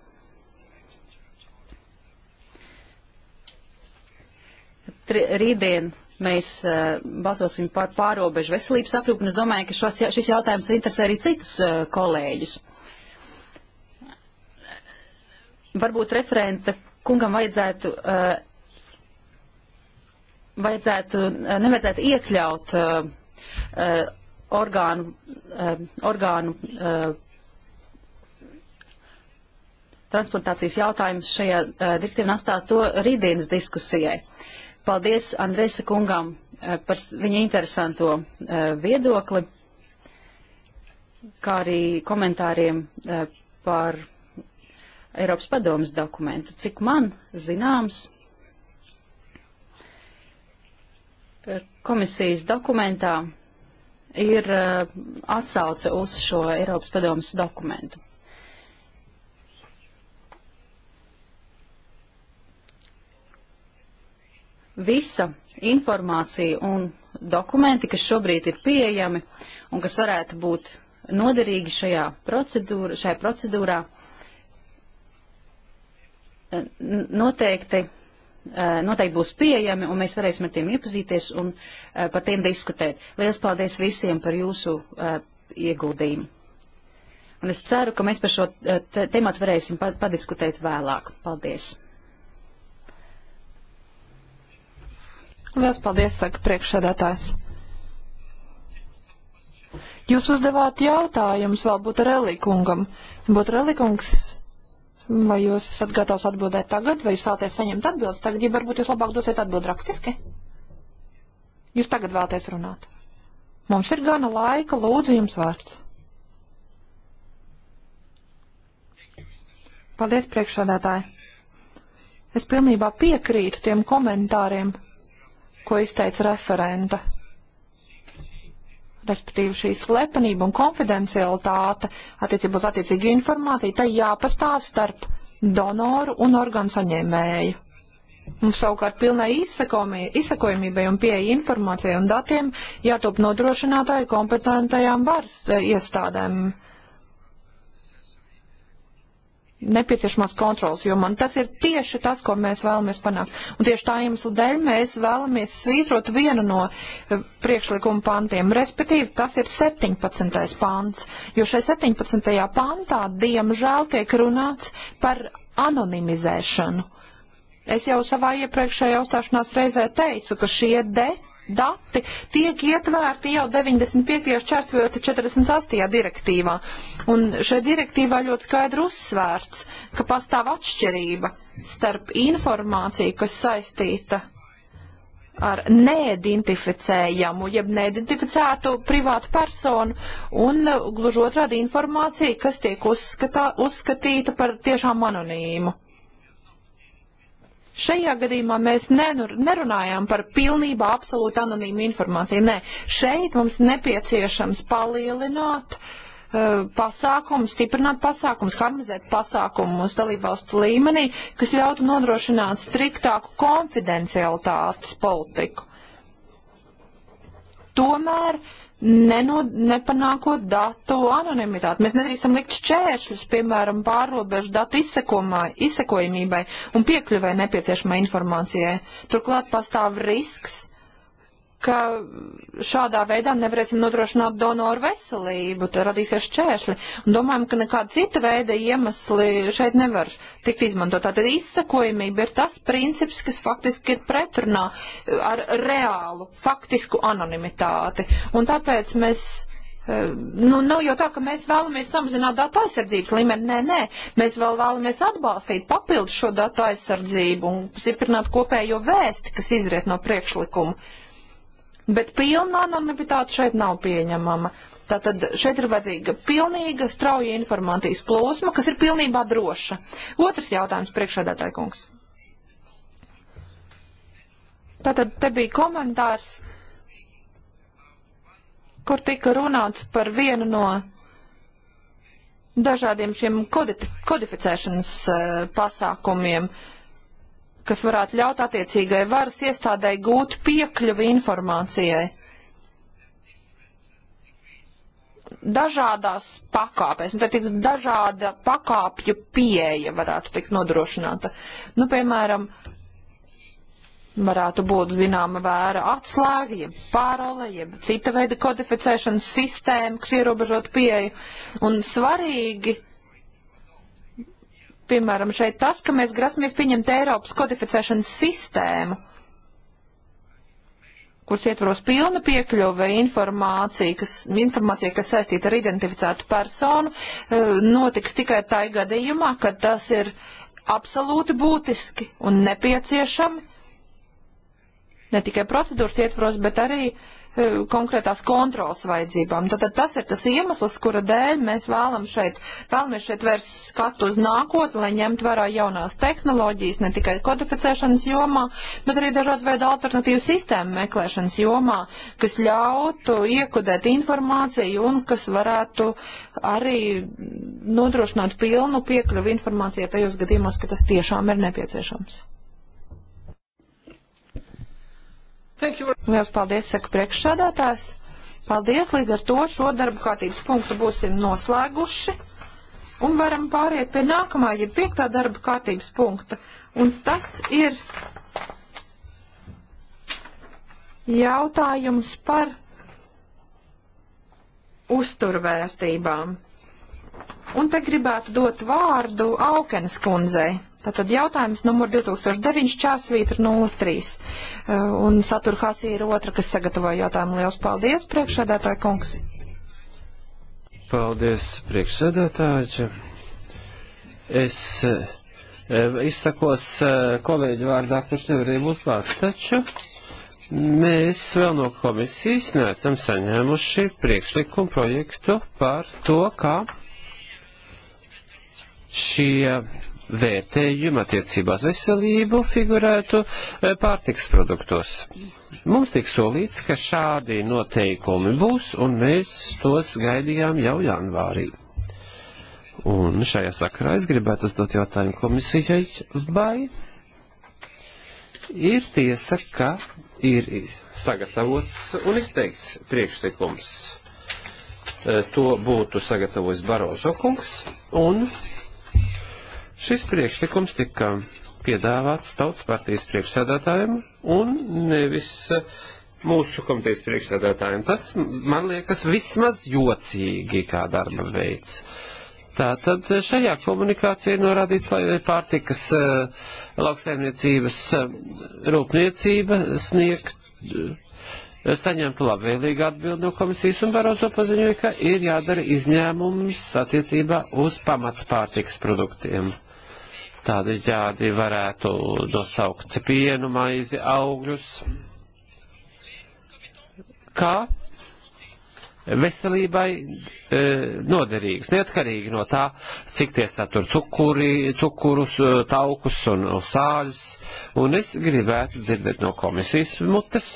Tri, rītdien mēs uh, balsosim par pārobežu veselības aprūpi, un es domāju, ka šos, šis jautājums interesē arī citus uh, kolēģus. Varbūt referenta kungam vajadzētu. Eh, vajadzētu, eh, nevajadzētu iekļaut uh, uh, orgānu, uh, orgānu uh, transplantācijas jautājums šajā uh, direktīvā atstāt to rītdienas diskusijai. Paldies Andrēsa kungam uh, par viņa interesanto uh, viedokli, kā arī komentāriem uh, par Eiropas padomas dokumentu. Cik man zināms, eh, komisijas dokumentā ir eh, atsauce uz šo Eiropas padomas dokumentu. Visa informācija un dokumenti, kas šobrīd ir pieejami un kas varētu būt noderīgi šajā procedūra, šajā procedūrā, noteikti, eh, noteikti būs pieejami, un mēs varēsim ar tiem iepazīties un eh, par tiem diskutēt. Lielas paldies visiem par jūsu eh, ieguldījumu. Un es ceru, ka mēs par šo tematu varēsim padiskutēt vēlāk. Paldies! Lielas paldies, saka priekšsēdētājs. Jūs uzdevāt jautājumus vēl būtu relikungam. Būtu relikungs Vai jūs esat gatavs atbildēt tagad, vai jūs vēlaties saņemt atbildes tagad, ja varbūt jūs labāk dosiet atbildi rakstiski? Jūs tagad vēlaties runāt. Mums ir gana laika, lūdzu jums vārds. Paldies, priekšsādātāji. Es pilnībā piekrītu tiem komentāriem, ko izteica referenta respektīvi šī slepenība un konfidencialitāte attiecībā uz attiecīgu informāciju, tai jāpastāv starp donoru un orgānu saņēmēju. Mums savukārt pilnai izsakojamībai un pieeja informācijai un datiem jātop nodrošinātāji kompetentajām varas eh, iestādēm. Uh, nepieciešamās kontrolas, jo man tas ir tieši tas, ko mēs vēlamies panākt. Un tieši tā iemesla dēļ mēs vēlamies svītrot vienu no eh, priekšlikuma pantiem, respektīvi tas ir 17. pants, jo šai 17. pantā, diemžēl, tiek runāts par anonimizēšanu. Es jau savā iepriekšējā uzstāšanās reizē teicu, ka šie de dati tiek ietvērti jau 95. čērsvjota 48. direktīvā. Un šajā direktīvā ļoti skaidri uzsvērts, ka pastāv atšķirība starp informāciju, kas saistīta ar neidentificējamu, jeb neidentificētu privātu personu, un gluži otrādi informācija, kas tiek uzskatā, uzskatīta par tiešām anonīmu. Šajā gadījumā mēs nerunājām par pilnībā absolūti anonīmu informāciju. Nē, šeit mums nepieciešams palielināt uh, pasākumus, stiprināt pasākumus, harmonizēt pasākumus dalībvalstu līmenī, kas ļautu nodrošināt striktāku konfidencialitātes politiku. Tomēr uh, neno, nepanākot datu anonimitāti. Mēs nedrīkstam likt šķēršļus, piemēram, pārobežu datu izsekojumībai un piekļuvai nepieciešamai informācijai. Turklāt pastāv risks, ka šādā veidā nevarēsim nodrošināt donoru veselību, tad radīsies šķēršļi. Un domājam, ka nekāda cita veida iemesli šeit nevar tikt izmantot. Tātad izsakojamība ir tas princips, kas faktiski ir pretrunā ar reālu, faktisku anonimitāti. Un tāpēc mēs eh, nu, nav jau tā, ka mēs vēlamies samazināt datu aizsardzības līmeni. Nē, nē, mēs vēl vēlamies atbalstīt papildus šo datu aizsardzību un stiprināt kopējo vēsti, kas izriet no priekšlikuma. Uh, bet pilna anonimitāte šeit nav pieņemama. Tātad šeit ir vajadzīga pilnīga, strauja informācijas plūsma, kas ir pilnībā droša. Otrs jautājums priekšādātāja kungs. Tātad te bija komentārs, kur tika runāts par vienu no dažādiem šiem kodif kodificēšanas uh, pasākumiem. Uh, kas varētu ļaut attiecīgai varas iestādēji gūt piekļuvi informācijai. Dažādās pakāpēs, un nu, tad tiks dažāda pakāpju pieeja varētu tikt nodrošināta. Nu, piemēram, varētu būt zināma vēra atslēga, jeb pārole, jeb cita veida kodificēšanas sistēma, kas ierobežot pieeju. Un svarīgi piemēram, šeit tas, ka mēs grasamies pieņemt Eiropas kodificēšanas sistēmu, kuras ietvaros pilna piekļuve informācija, kas, informācija, kas saistīta ar identificētu personu, e, notiks tikai tai gadījumā, kad tas ir absolūti būtiski un nepieciešami, ne tikai procedūras ietvaros, bet arī uh, Eh, konkrētās kontrolas vajadzībām. Tātad tas ir tas iemesls, kura dēļ mēs vēlam šeit, vēlamies šeit vērst skatu uz nākotni, lai ņemt vērā jaunās tehnoloģijas, ne tikai kodificēšanas jomā, bet arī dažādu veidu alternatīvu sistēmu meklēšanas jomā, kas ļautu iekudēt informāciju un kas varētu arī nodrošināt pilnu piekļuvu informācijai tajos gadījumos, ka tas tiešām ir nepieciešams. Lielas paldies, saka priekšsādātājs. Paldies, līdz ar to šo darbu kārtības punktu būsim noslēguši. Un varam pāriet pie nākamā, ja piektā darba kārtības punkta. Un tas ir jautājums par uzturvērtībām. Un te gribētu dot vārdu Aukenes kundzei. Tātad jautājums numur 2009 čāsvītra 03. Un Satur Hasī ir otra, kas sagatavoja jautājumu. Liels paldies, priekšsēdētāji kungs. Paldies, priekšsēdētāji. Es eh, izsakos eh, kolēģi vārdā, kurš nevarēja būt klāt, taču mēs vēl no komisijas neesam saņēmuši priekšlikumu projektu par to, kā šie vērtējumu attiecībā uz veselību figurētu e, pārtiks produktos. Mums tik solīts, ka šādi noteikumi būs, un mēs tos gaidījām jau janvārī. Un šajā sakarā es gribētu uzdot jautājumu komisijai, vai ir tiesa, ka ir sagatavots un izteikts priekšlikums. E, to būtu sagatavojis Barozo kungs, un Šis priekšlikums tika piedāvāts tautas partijas priekšsēdētājiem un nevis eh, mūsu komitejas priekšsēdētājiem. Tas, man liekas, vismaz jocīgi kā darba veids. Tātad šajā komunikācijā norādīts, lai pārtikas eh, lauksaimniecības eh, rūpniecība sniegt saņemtu labvēlīgu atbildi no komisijas un Barozo paziņoja, ka ir jādara izņēmums attiecībā uz pamatpārtikas produktiem. Uh, Tādēļ ģādi varētu nosaukt pienu, maizi, augļus. Kā veselībai e, noderīgs, neatkarīgi no tā, cik tie satur cukuri, cukurus, e, taukus un sāļus. Un es gribētu dzirdēt no komisijas mutes,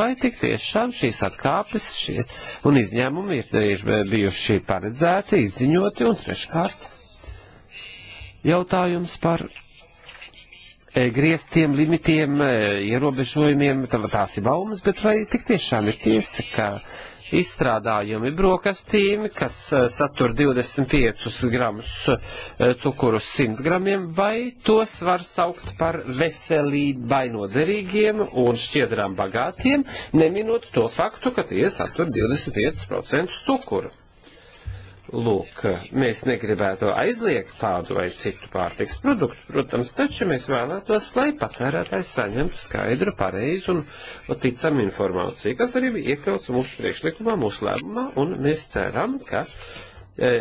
vai tik tiešām šīs atkāpes šie, un izņēmumi ir, ir bijuši paredzēti, izziņoti un treškārt jautājums par e, grieztiem limitiem, e, ierobežojumiem, tās ir baumas, bet vai tik tiešām ir tiesa, ka izstrādājumi brokastīm, kas e, satur 25 gramus cukurus 100 gramiem, vai tos var saukt par veselībai noderīgiem un šķiedrām bagātiem, neminot to faktu, ka tie satur 25% cukuru. Lūk, mēs negribētu aizliegt tādu vai citu pārtiks produktu, protams, taču mēs vēlētos, lai patērētājs saņemtu skaidru, pareizu un ticam informāciju, kas arī bija iekļauts mūsu priekšlikumā, mūsu lēmumā, un mēs ceram, ka e, e,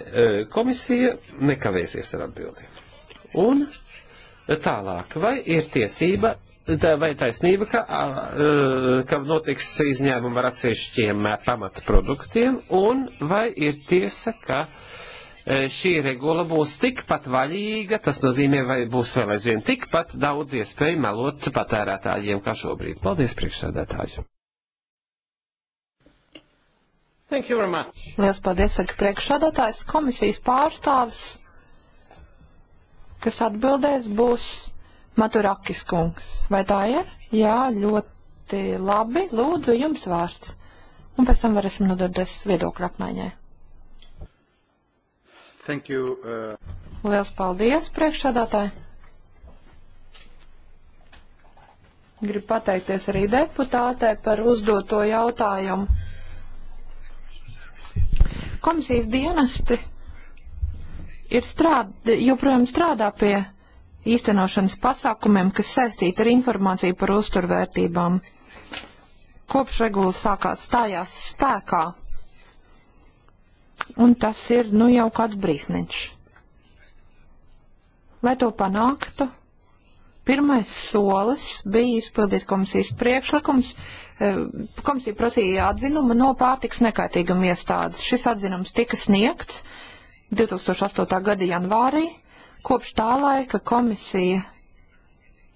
komisija nekavēsies ar atbildi. Un tālāk, vai ir tiesība vai taisnība, ka, e, ka notiks izņēmumi ar atsevišķiem pamatproduktiem, un vai ir tiesa, ka e, šī regula būs tikpat vaļīga, tas nozīmē, vai būs vēl aizvien tikpat daudz iespēju melot patērētājiem kā šobrīd. Paldies, priekšsēdētāji! Lielas paldies, saka priekšsādātājs, komisijas pārstāvis, kas atbildēs būs Maturakis kungs. Vai tā ir? Jā, ļoti labi. Lūdzu, jums vārds. Un pēc tam varēsim nodoties viedokļu apmaiņai. Thank you. Uh... Liels paldies, priekšsādātāji. Gribu pateikties arī deputātē par uzdoto jautājumu. Komisijas dienesti ir strād, joprojām strādā pie īstenošanas pasākumiem, kas saistīti ar informāciju par uzturvērtībām. Kopš regula sākās stājās spēkā, un tas ir nu jau kāds brīsniņš. Lai to panāktu, pirmais solis bija izpildīt komisijas priekšlikums. E, komisija prasīja atzinumu no pārtiks nekaitīguma iestādes. Šis atzinums tika sniegts 2008. gada janvārī Kopš tā laika komisija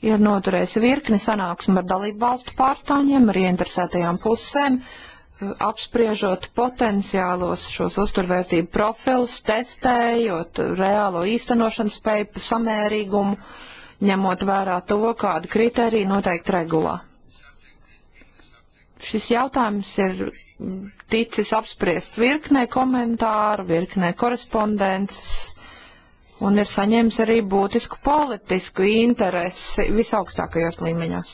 ir noturējusi virkni sanāksmu ar dalību valstu pārstāvjiem, ar ieinteresētajām pusēm, eh, apspriežot potenciālos šos uzturvērtību profilus, testējot reālo īstenošanas spēju, samērīgumu, ņemot vērā to, kāda kriterija noteikti regulā. Šis jautājums ir ticis apspriests virknē komentāru, virknē korespondences un ir saņēmis arī būtisku politisku interesi visaugstākajos līmeņos.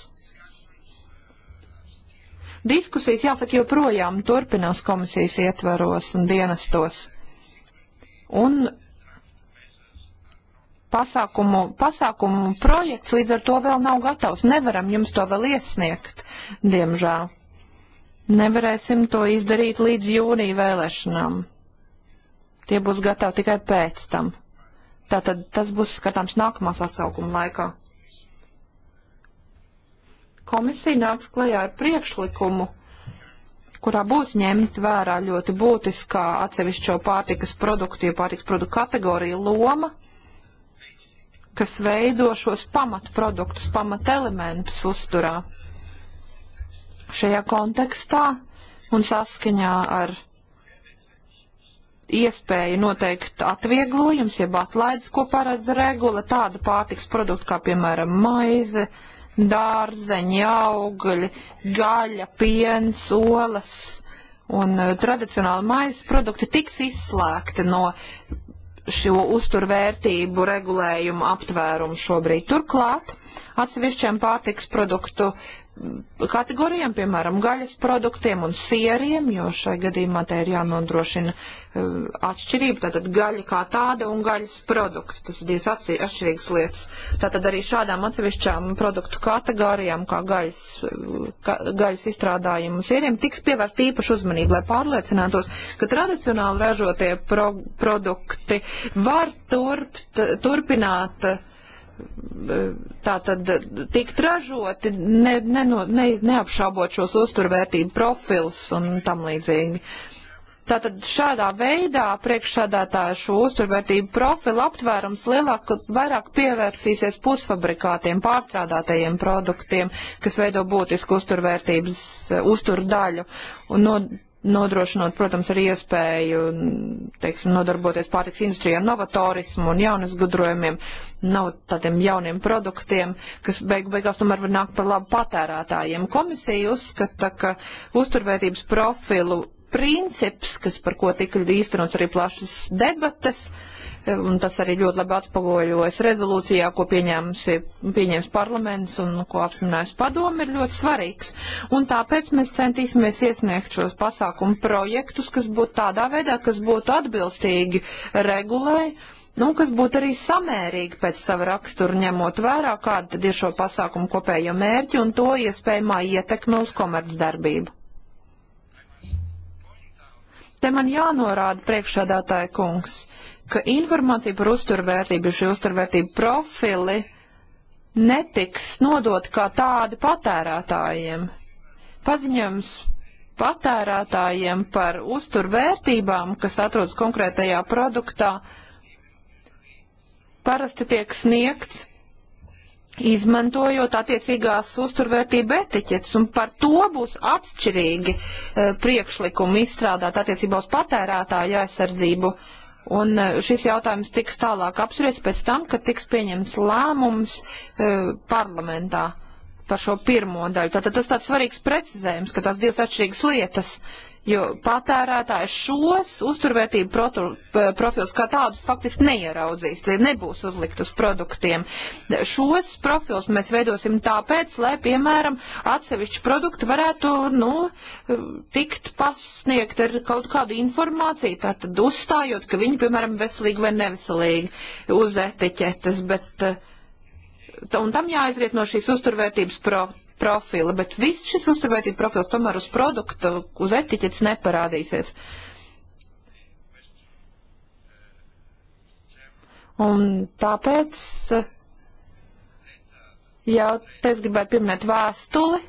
Diskusijas, jāsaka, joprojām turpinās komisijas ietvaros un dienestos. Un pasākumu, pasākumu projekts līdz ar to vēl nav gatavs. Nevaram jums to vēl iesniegt, diemžēl. Nevarēsim to izdarīt līdz jūnija vēlēšanām. Tie būs gatavi tikai pēc tam. Tātad tas būs skatāms nākamā sasaukuma laikā. Komisija nāks klajā ar priekšlikumu, kurā būs ņemt vērā ļoti būtiskā atsevišķo pārtikas produktu, ja pārtikas produktu kategorija loma, kas veido šos pamatproduktus, pamatelementus uzturā. Šajā kontekstā un saskaņā ar iespēja noteikt atvieglojums, jeb atlaides, ko paredz regula, tādu pārtiks produktu kā, piemēram, maize, dārzeņi, augļi, gaļa, piens, olas un e, tradicionāli maizes produkti tiks izslēgti no šo uzturvērtību regulējumu aptvērumu šobrīd. Turklāt atsevišķiem pārtiks produktu kategorijām, piemēram, gaļas produktiem un sieriem, jo šai gadījumā te ir jānodrošina e, atšķirība, tātad gaļa kā tāda un gaļas produkti, tas ir divas atšķirīgas lietas. Tātad arī šādām atsevišķām produktu kategorijām, kā gaļas, e, ka, gaļas izstrādājumu sieriem, tiks pievērst īpašu uzmanību, lai pārliecinātos, ka tradicionāli ražotie pro, produkti var turpt, turpināt tātad tikt ražoti, ne, ne, ne, neapšābot šos uzturvērtību profils un tam līdzīgi. Tātad šādā veidā priekšsādātāja šo uzturvērtību profilu aptvērums lielāk vairāk pievērsīsies pusfabrikātiem, pārstrādātajiem produktiem, kas veido būtisku uzturvērtības uzturdaļu. Un no nodrošinot, protams, arī iespēju, teiksim, nodarboties pārtiks industrijā novatorismu un jaunas gudrojumiem, nav tādiem jauniem produktiem, kas beig beigās tomēr var nākt par labu patērētājiem. Komisija uzskata, ka uzturvērtības profilu princips, kas par ko tika īstenots arī plašas debatas, uh, un tas arī ļoti labi atspoguļojas rezolūcijā, ko pieņems parlaments un ko apvienojas padomi, ir ļoti svarīgs. Un tāpēc mēs centīsimies iesniegt šos pasākumu projektus, kas būtu tādā veidā, kas būtu atbilstīgi regulai. Nu, kas būtu arī samērīgi pēc sava rakstura, ņemot vērā, kāda tad ir šo pasākumu kopējo mērķi un to iespējamā ietekme uz komercdarbību. Te man jānorāda priekšādātāja kungs, ka informācija par uzturvērtību, šī uzturvērtība profili netiks nodot kā tādi patērētājiem. Paziņojums patērētājiem par uzturvērtībām, kas atrodas konkrētajā produktā, parasti tiek sniegts izmantojot attiecīgās uzturvērtību etiķetes, un par to būs atšķirīgi e, priekšlikumi izstrādāt attiecībā uz patērētāju aizsardzību. Ja Un e, šis jautājums tiks tālāk apspriests pēc tam, kad tiks pieņemts lēmums e, parlamentā par šo pirmo daļu. Tātad tas tāds svarīgs precizējums, ka tās divas atšķirīgas lietas. Uh, jo patērētāji šos uzturvērtību protu, profilus kā tādus faktiski neieraudzīs, tie nebūs uzlikt uz produktiem. Šos profilus mēs veidosim tāpēc, lai, piemēram, atsevišķi produkti varētu, nu, tikt pasniegt ar kaut kādu informāciju, tātad uzstājot, ka viņi, piemēram, veselīgi vai neveselīgi uz etiķetes, bet, eh, un tam jāaiziet no šīs uzturvērtības protu profila, bet viss šis uzturvērtība profils tomēr uz produkta, uz etiķetes neparādīsies. Un tāpēc, jā, te es gribētu pieminēt vēstuli,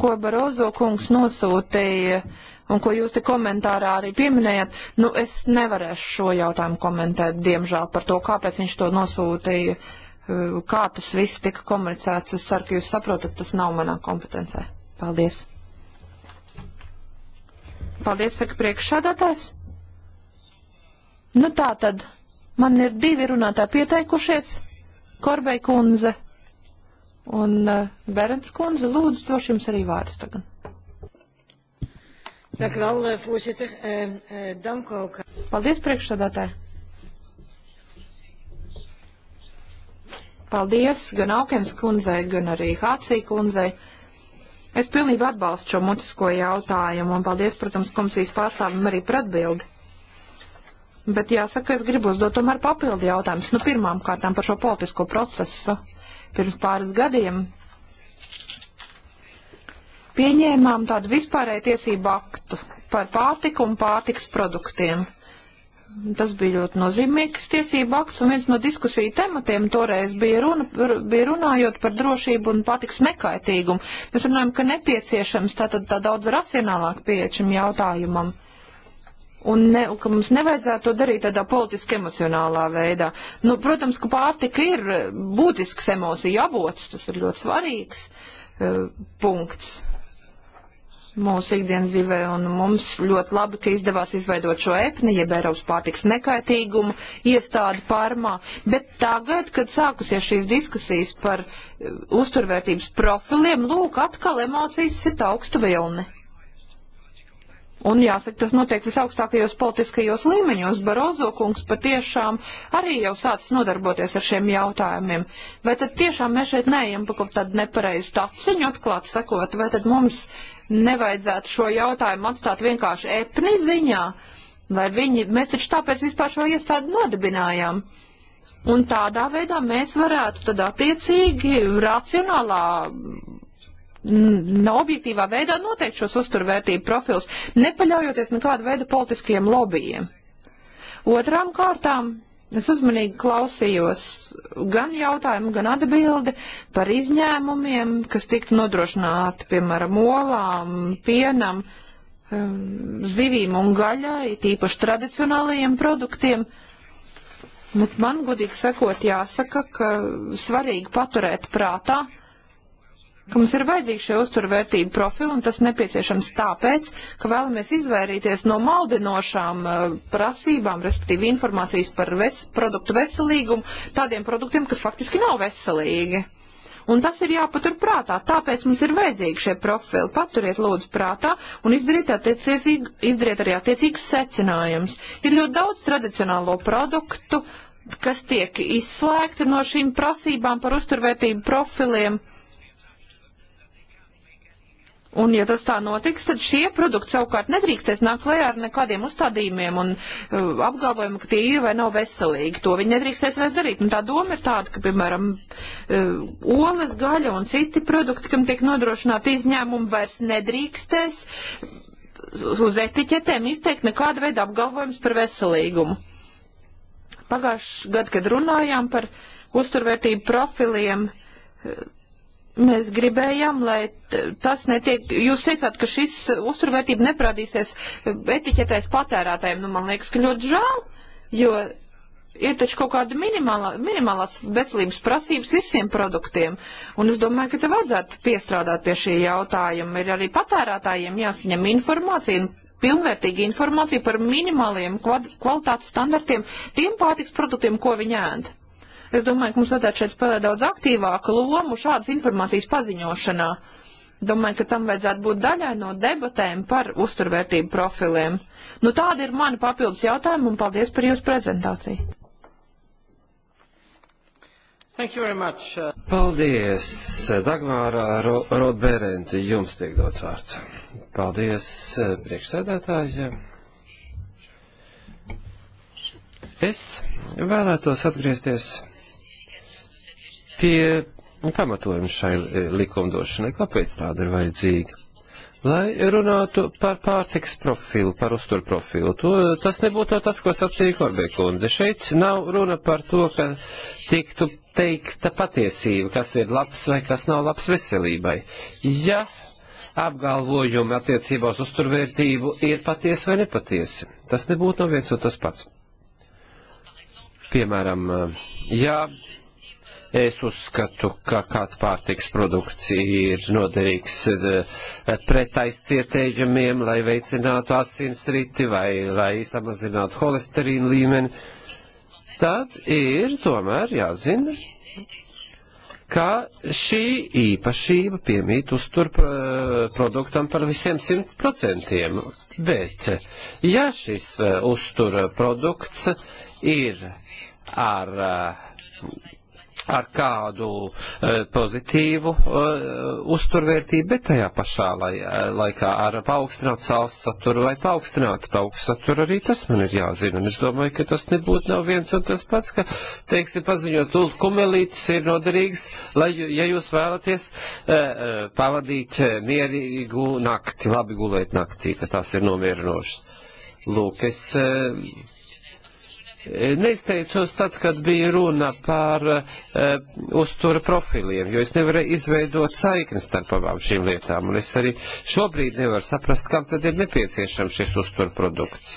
ko Barozo kungs nosūtīja un ko jūs te komentārā arī pieminējat, nu es nevarēšu šo jautājumu komentēt, diemžēl, par to, kāpēc viņš to nosūtīja Eh, kā tas viss tika komunicēts. Es ceru, ka jūs saprotat, tas nav manā kompetencē. Paldies. Paldies, saka priekšsādātājs. Nu tā tad, man ir divi runātāji pieteikušies. Korbei kundze un uh, eh, Berens kundze, lūdzu, došu jums arī vārdus tagad. Dank u wel, eh, voorzitter. Uh, uh, dank ook. Paldies, priekšsādātāji. Paldies gan Aukens kundzei, gan arī Hācī kundzei. Es pilnībā atbalstu šo mutisko jautājumu un paldies, protams, komisijas pārstāvim arī par atbildi. Bet jāsaka, es gribu uzdot tomēr papildu jautājumus. Nu, pirmām kārtām par šo politisko procesu. Pirms pāris gadiem pieņēmām tādu vispārēju tiesību aktu par pārtiku un pārtiks produktiem. Tas bija ļoti nozīmīgs tiesība akts, un viens no diskusiju tematiem toreiz bija, runa, bija runājot par drošību un patiks nekaitīgumu. Mēs runājam, ka nepieciešams tātad tā daudz racionālāk pieeķim jautājumam. Un ne, ka mums nevajadzētu to darīt tādā politiski emocionālā veidā. Nu, protams, ka pārtika ir būtisks emociju avots, tas ir ļoti svarīgs uh, punkts mūsu ikdienas dzīvē, un mums ļoti labi, ka izdevās izveidot šo epni, jeb Eiropas pārtiks nekaitīgumu iestādi pārmā, bet tagad, kad sākusies šīs diskusijas par eh, uzturvērtības profiliem, lūk, atkal emocijas sit augstu vilni. Un jāsaka, tas notiek visaugstākajos politiskajos līmeņos. Barozo kungs patiešām arī jau sācis nodarboties ar šiem jautājumiem. Vai tad tiešām mēs šeit neejam pa kaut tādu nepareizu taciņu atklāt sakot, vai tad mums nevajadzētu šo jautājumu atstāt vienkārši epni ziņā, lai viņi, mēs taču tāpēc vispār šo iestādi nodibinājām. Un tādā veidā mēs varētu tad attiecīgi racionālā objektīvā veidā noteikt šos uzturvērtību profils, nepaļaujoties nekādu veidu politiskiem lobbyiem. Otrām kārtām Es uzmanīgi klausījos gan jautājumu, gan atbildi par izņēmumiem, kas tiktu nodrošināti, piemēram, olām, pienam, um, zivīm un gaļai, tīpaši tradicionālajiem produktiem. Bet man, godīgi sakot, jāsaka, ka svarīgi paturēt prātā, ka mums ir vajadzīgi šie uzturvērtību profili, un tas nepieciešams tāpēc, ka vēlamies izvairīties no maldinošām uh, prasībām, respektīvi informācijas par ves produktu veselīgumu, tādiem produktiem, kas faktiski nav veselīgi. Un tas ir jāpatur prātā, tāpēc mums ir vajadzīgi šie profili. Paturiet lūdzu prātā un izdariet, izdariet arī attiecīgus secinājumus. Ir ļoti daudz tradicionālo produktu, kas tiek izslēgti no šīm prasībām par uzturvērtību profiliem. Uh, Un, ja tas tā notiks, tad šie produkti savukārt nedrīkstēs nākt klajā ar nekādiem uzstādījumiem un uh, apgalvojumu, ka tie ir vai nav veselīgi. To viņi nedrīkstēs vairs darīt. Un tā doma ir tāda, ka, piemēram, uh, olas, gaļa un citi produkti, kam tiek nodrošināti izņēmumi, vairs nedrīkstēs uz etiķetēm izteikt nekādu veidu apgalvojumus par veselīgumu. Pagājuši gadu, kad runājām par uzturvērtību profiliem, uh, Mēs gribējām, lai tas netiek, jūs teicāt, ka šis uzturvērtība neprādīsies etiķetēs patērētājiem, nu man liekas, ka ļoti žēl, jo ir taču kaut kāda minimālā, minimālās veselības prasības visiem produktiem, un es domāju, ka te vajadzētu piestrādāt pie šī jautājuma. Ir arī patērētājiem jāsaņem informācija un pilnvērtīga informācija par minimāliem kvalitātes standartiem tiem pārtiks produktiem, ko viņi ēda. Es domāju, ka mums vajadzētu šeit spēlēt daudz aktīvāku lomu šādas informācijas paziņošanā. Domāju, ka tam vajadzētu būt daļai no debatēm par uzturvērtību profiliem. Nu, tādi ir mani papildus jautājumi, un paldies par jūsu prezentāciju. Uh, paldies, Dagmārā Rodberenti, jums tiek dots vārds. Paldies, uh, priekšsēdētāji. Es vēlētos atgriezties pie pamatojuma šai e, likumdošanai, kāpēc tāda ir vajadzīga. Lai runātu par pārtiks profilu, par uztur profilu, to, tas nebūtu tas, ko sacīja Korbekundze. Šeit nav runa par to, ka tiktu teikta patiesība, kas ir labs vai kas nav labs veselībai. Ja apgalvojumi attiecībā uz uzturvērtību ir patiesi vai nepatiesi, tas nebūtu no viens un tas pats. Piemēram, ja Es uzskatu, ka kāds pārtiks produkts ir noderīgs eh, pret aizcietējumiem, lai veicinātu asinsriti vai lai samazinātu holesterīnu līmeni. Tad ir tomēr jāzina, ka šī īpašība piemīt uztur eh, produktam par visiem simt procentiem. Bet, ja šis eh, uztur produkts ir ar ar kādu uh, pozitīvu uh, uzturvērtību, bet tajā pašā lai, eh, laikā ar paaugstinātu sāls saturu vai paaugstinātu tauku saturu arī tas man ir jāzina. Un es domāju, ka tas nebūtu nav viens un tas pats, ka, teiksim, paziņot ult kumelītis ir noderīgs, lai, ja jūs vēlaties uh, pavadīt mierīgu nakti, labi gulēt naktī, ka tās ir nomierinošas. Lūk, es. Uh, Neizteicos tad, kad bija runa par uh, eh, uztura profiliem, jo es nevarēju izveidot saiknes starp abām šīm lietām, un es arī šobrīd nevaru saprast, kam tad ir nepieciešams šis uztura produkts.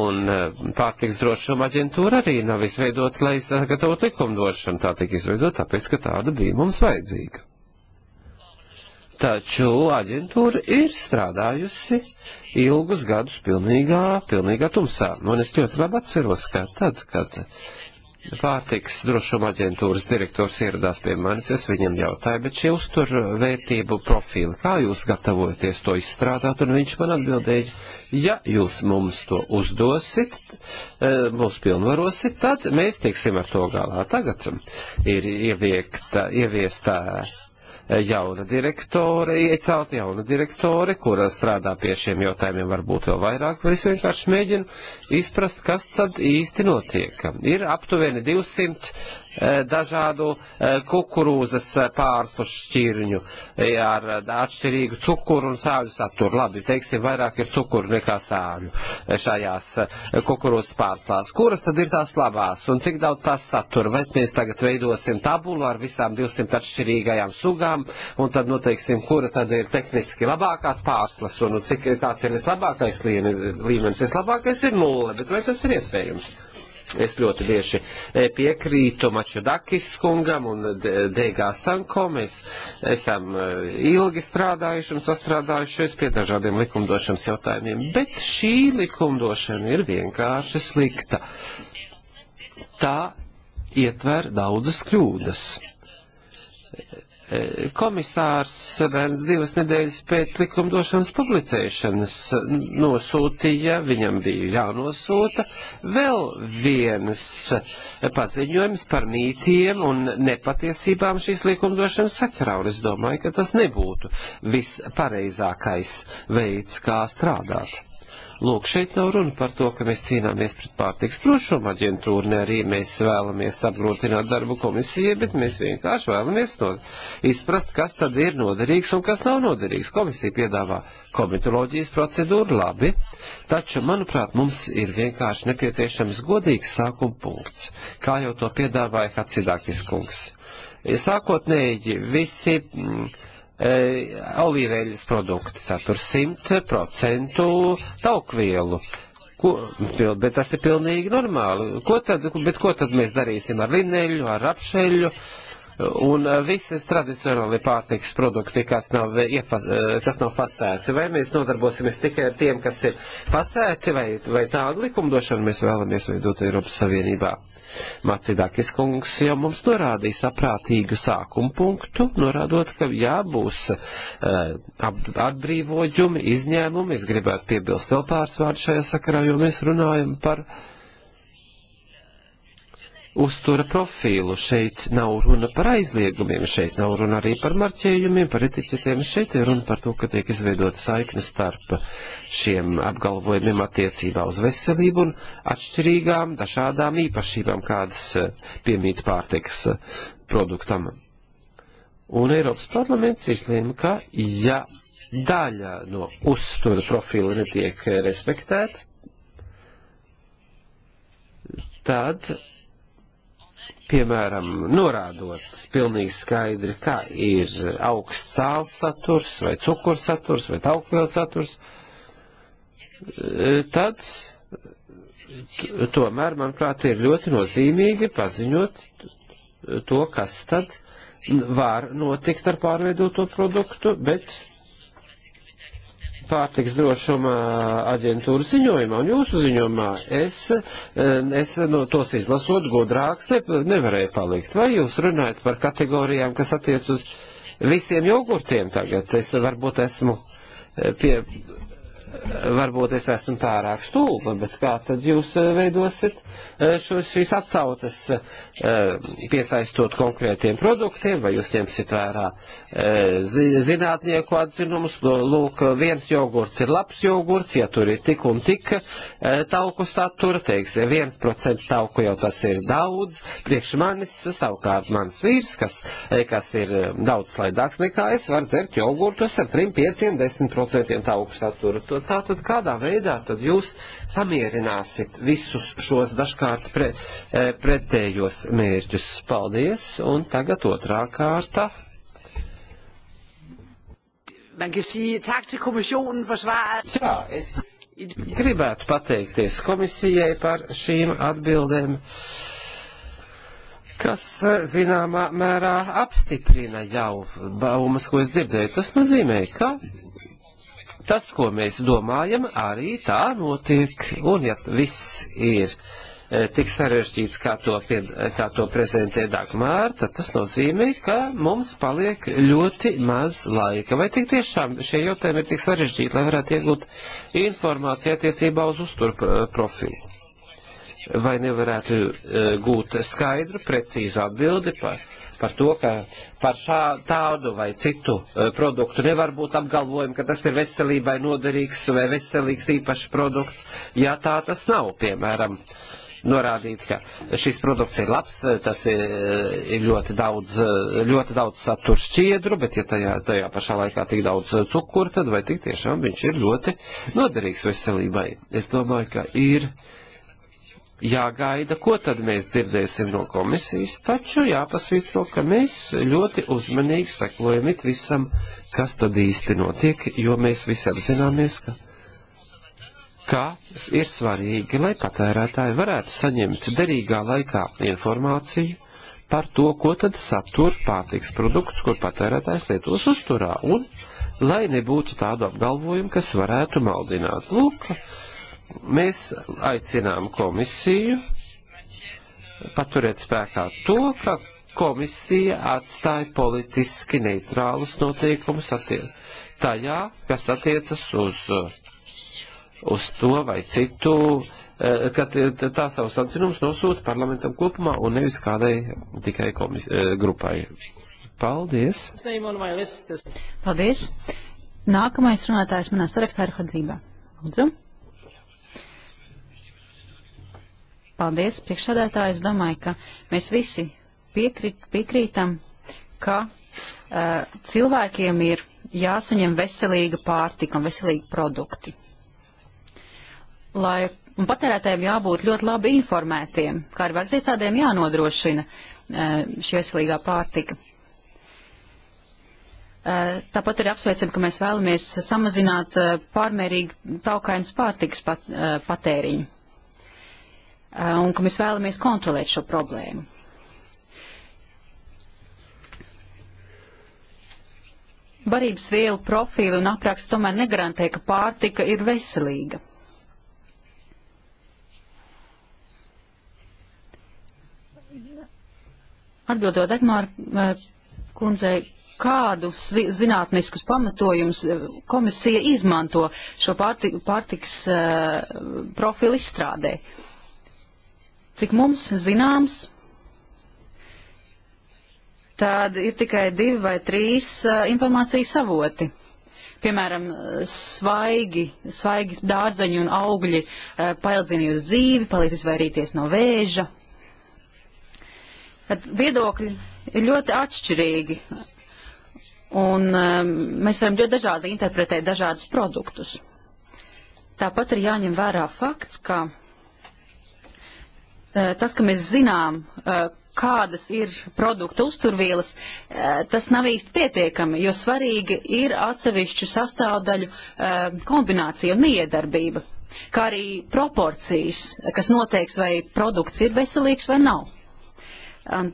Un uh, pārtiks drošuma aģentūra arī nav izveidota, lai sagatavotu likumdošanu. Tā tika izveidota tāpēc, ka tāda bija mums vajadzīga. Taču aģentūra ir strādājusi uh, ilgus gadus pilnīgā, pilnīgā tumsā. Nu, un es ļoti labi atceros, ka tad, kad pārtiks drošuma aģentūras direktors ieradās pie manis, es viņam jautāju, bet šie uzturvērtību profili, kā jūs gatavojaties to izstrādāt, un viņš man atbildēja, ja jūs mums to uzdosit, e, mūs pilnvarosit, tad mēs tiksim ar to galā. Tagad ir ieviekta, ieviestā jauna direktore, iecelt jauna direktore, kura strādā pie šiem jautājumiem varbūt vēl vairāk, vai es vienkārši mēģinu izprast, kas tad īsti notiek. Ir aptuveni 200 Eh, dažādu eh, kukurūzas eh, pārslu šķirņu ar atšķirīgu cukuru un sāļu saturu. Labi, teiksim, vairāk ir cukuru nekā sāļu šajās kukurūzas pārslās. Kuras tad ir tās labās un cik daudz tās satura? Vai mēs tagad veidosim tabulu ar visām 200 atšķirīgajām sugām un tad noteiksim, nu, kura tad ir tehniski labākās pārslas un, un cik, kāds ir vislabākais līmenis? Vislabākais ir nulle, bet vai tas ir iespējams? Es ļoti bieži e, piekrītu Mačudakis kungam un Dēgā Sanko. Mēs esam e, ilgi strādājuši un sastrādājušies pie dažādiem likumdošanas jautājumiem, bet šī likumdošana ir vienkārši slikta. Tā ietver daudzas kļūdas. Komisārs Bērns divas nedēļas pēc likumdošanas publicēšanas nosūtīja, viņam bija jānosūta, vēl viens paziņojums par mītiem un nepatiesībām šīs likumdošanas sakarā, un es domāju, ka tas nebūtu vispareizākais veids, kā strādāt. Lūk, šeit nav runa par to, ka mēs cīnāmies pret pārtiks drošumu aģentūru, ne arī mēs vēlamies apgrūtināt darbu komisijai, bet mēs vienkārši vēlamies no, izprast, kas tad ir noderīgs un kas nav noderīgs. Komisija piedāvā komitoloģijas procedūru labi, taču, manuprāt, mums ir vienkārši nepieciešams godīgs sākuma punkts, kā jau to piedāvāja Hacidakis kungs. Sākotnēji visi. Mm, E, olīveļas produkti satur 100% taukvielu. Ko, bet tas ir pilnīgi normāli. Ko tad, bet ko tad mēs darīsim ar lineļu, ar apšeļu? Uh, Un eh, visas tradicionāli pārtiks produkti, kas nav, iefas, eh, kas nav fasēti, vai mēs nodarbosimies tikai ar tiem, kas ir fasēti, vai, vai tādu likumdošanu mēs vēlamies veidot Eiropas Savienībā. Macidakis kungs jau mums norādīja saprātīgu sākumu punktu, norādot, ka jābūs uh, eh, atbrīvoģumi, izņēmumi. Es gribētu piebilst vēl pāris vārdus šajā sakarā, jo mēs runājam par. Uh, uztura profilu. Šeit nav runa par aizliegumiem, šeit nav runa arī par marķējumiem, par etiķetiem. Šeit ir runa par to, ka tiek izveidota saikne starp šiem apgalvojumiem attiecībā uz veselību un atšķirīgām dažādām īpašībām, kādas eh, piemīt pārtiks eh, produktam. Un Eiropas parlaments izlēma, ka ja daļa no uztura profila netiek eh, respektēta, tad piemēram, norādot pilnīgi skaidri, kā ir augsts cāls saturs, vai cukursaturs, vai taukvielas saturs, tad tomēr, manuprāt, ir ļoti nozīmīgi paziņot to, kas tad var notikt ar pārveidoto produktu, bet pārtiks drošuma aģentūra ziņojumā un jūsu ziņojumā. Es, eh, es no tos izlasot godrāks ne, nevarēju palikt. Vai jūs runājat par kategorijām, kas attiec uz visiem jogurtiem tagad? Es varbūt esmu eh, pie, varbūt es esmu pārāk stulba, bet kā tad jūs eh, veidosit eh, šos, šīs atsauces, eh, piesaistot konkrētiem produktiem, vai jūs ņemsit vērā zinātnieku atzinumus, nu, lūk, viens jogurts ir labs jogurts, ja tur ir tik un tik tauku satura, teiksim, viens procents tauku jau tas ir daudz, priekš manis savukārt mans vīrs, kas, kas ir daudz slaidāks nekā es, var dzert jogurtus ar 3, 5, 10 procentiem tauku satura. To Tātad kādā veidā tad jūs samierināsit visus šos dažkārt pre, e, pretējos mērķus? Paldies, un tagad otrā kārta. Man kan sige tak til kommissionen for svaret. Jā, es gribētu pateikties komisijai par šīm atbildēm kas e, zināmā mērā apstiprina jau baumas, ko es dzirdēju. Tas nozīmē, ka tas, ko mēs domājam, arī tā notiek. Un ja viss ir e, tik sarežģīts, kā to, pie, kā to prezentē Dagmāra, tad tas nozīmē, ka mums paliek ļoti maz laika. Vai tik tiešām šie jautājumi ir tik sarežģīti, lai varētu iegūt informāciju attiecībā uz uzturu e, profilu? Vai nevarētu e, gūt skaidru, precīzu atbildi par par to, ka par šā, tādu vai citu e, produktu nevar būt apgalvojumi, ka tas ir veselībai noderīgs vai veselīgs īpašs produkts, ja tā tas nav, piemēram. Norādīt, ka šis produkts ir labs, e, tas ir, ir e, ļoti daudz, ļoti daudz satur šķiedru, bet ja tajā, tajā pašā laikā tik daudz cukuru, tad vai tik tiešām viņš ir ļoti noderīgs veselībai. Es domāju, ka ir uh, jāgaida, ko tad mēs dzirdēsim no komisijas, taču jāpasvītro, ka mēs ļoti uzmanīgi sekojam it visam, kas tad īsti notiek, jo mēs visi apzināmies, ka, ka ir svarīgi, lai patērētāji varētu saņemt derīgā laikā informāciju par to, ko tad satur pārtiks produkts, kur patērētājs lietos uzturā, un lai nebūtu tādu apgalvojumu, kas varētu maldināt. Lūk, Mēs aicinām komisiju paturēt spēkā to, ka komisija atstāja politiski neitrālus noteikumus attie tajā, kas attiecas uz, uz to vai citu, e, ka tā savus atzinumus nosūta parlamentam kopumā un nevis kādai tikai komis, e, grupai. Paldies! Paldies! Nākamais runātājs manā sarakstā ir Hadzība. Lūdzu! Paldies, priekšsēdētāji. Es domāju, ka mēs visi piekri, piekrītam, ka uh, cilvēkiem ir jāsaņem veselīga pārtika un veselīgi produkti. Lai, un patērētājiem jābūt ļoti labi informētiem, kā arī varas iestādēm jānodrošina uh, šī veselīgā pārtika. Tāpat ir apsveicami, ka mēs vēlamies samazināt pārmērīgu taukainas pārtikas pat, patēriņu. Uh, un ka mēs vēlamies kontrolēt šo problēmu. Barības vielu profili un apraksts tomēr negarantē, ka pārtika ir veselīga. Atbildot Dagmāra uh, kundzei, kādus zinātniskus pamatojumus uh, komisija izmanto šo pārtikas profilu izstrādē? Uh, Cik mums zināms, tad ir tikai divi vai trīs uh, informācijas avoti. Piemēram, svaigi, svaigi dārzeņi un augļi uh, paildzina jūs dzīvi, palīdz izvairīties no vēža. Tad viedokļi ir ļoti atšķirīgi, un um, mēs varam ļoti dažādi interpretēt dažādus produktus. Tāpat ir jāņem vērā fakts, ka Eh, tas, ka mēs zinām, eh, kādas ir produktu uzturvielas, eh, tas nav īsti pietiekami, jo svarīgi ir atsevišķu sastāvdaļu kombinācija un iedarbība, kā arī proporcijas, kas noteiks, vai produkts ir veselīgs vai nav. Un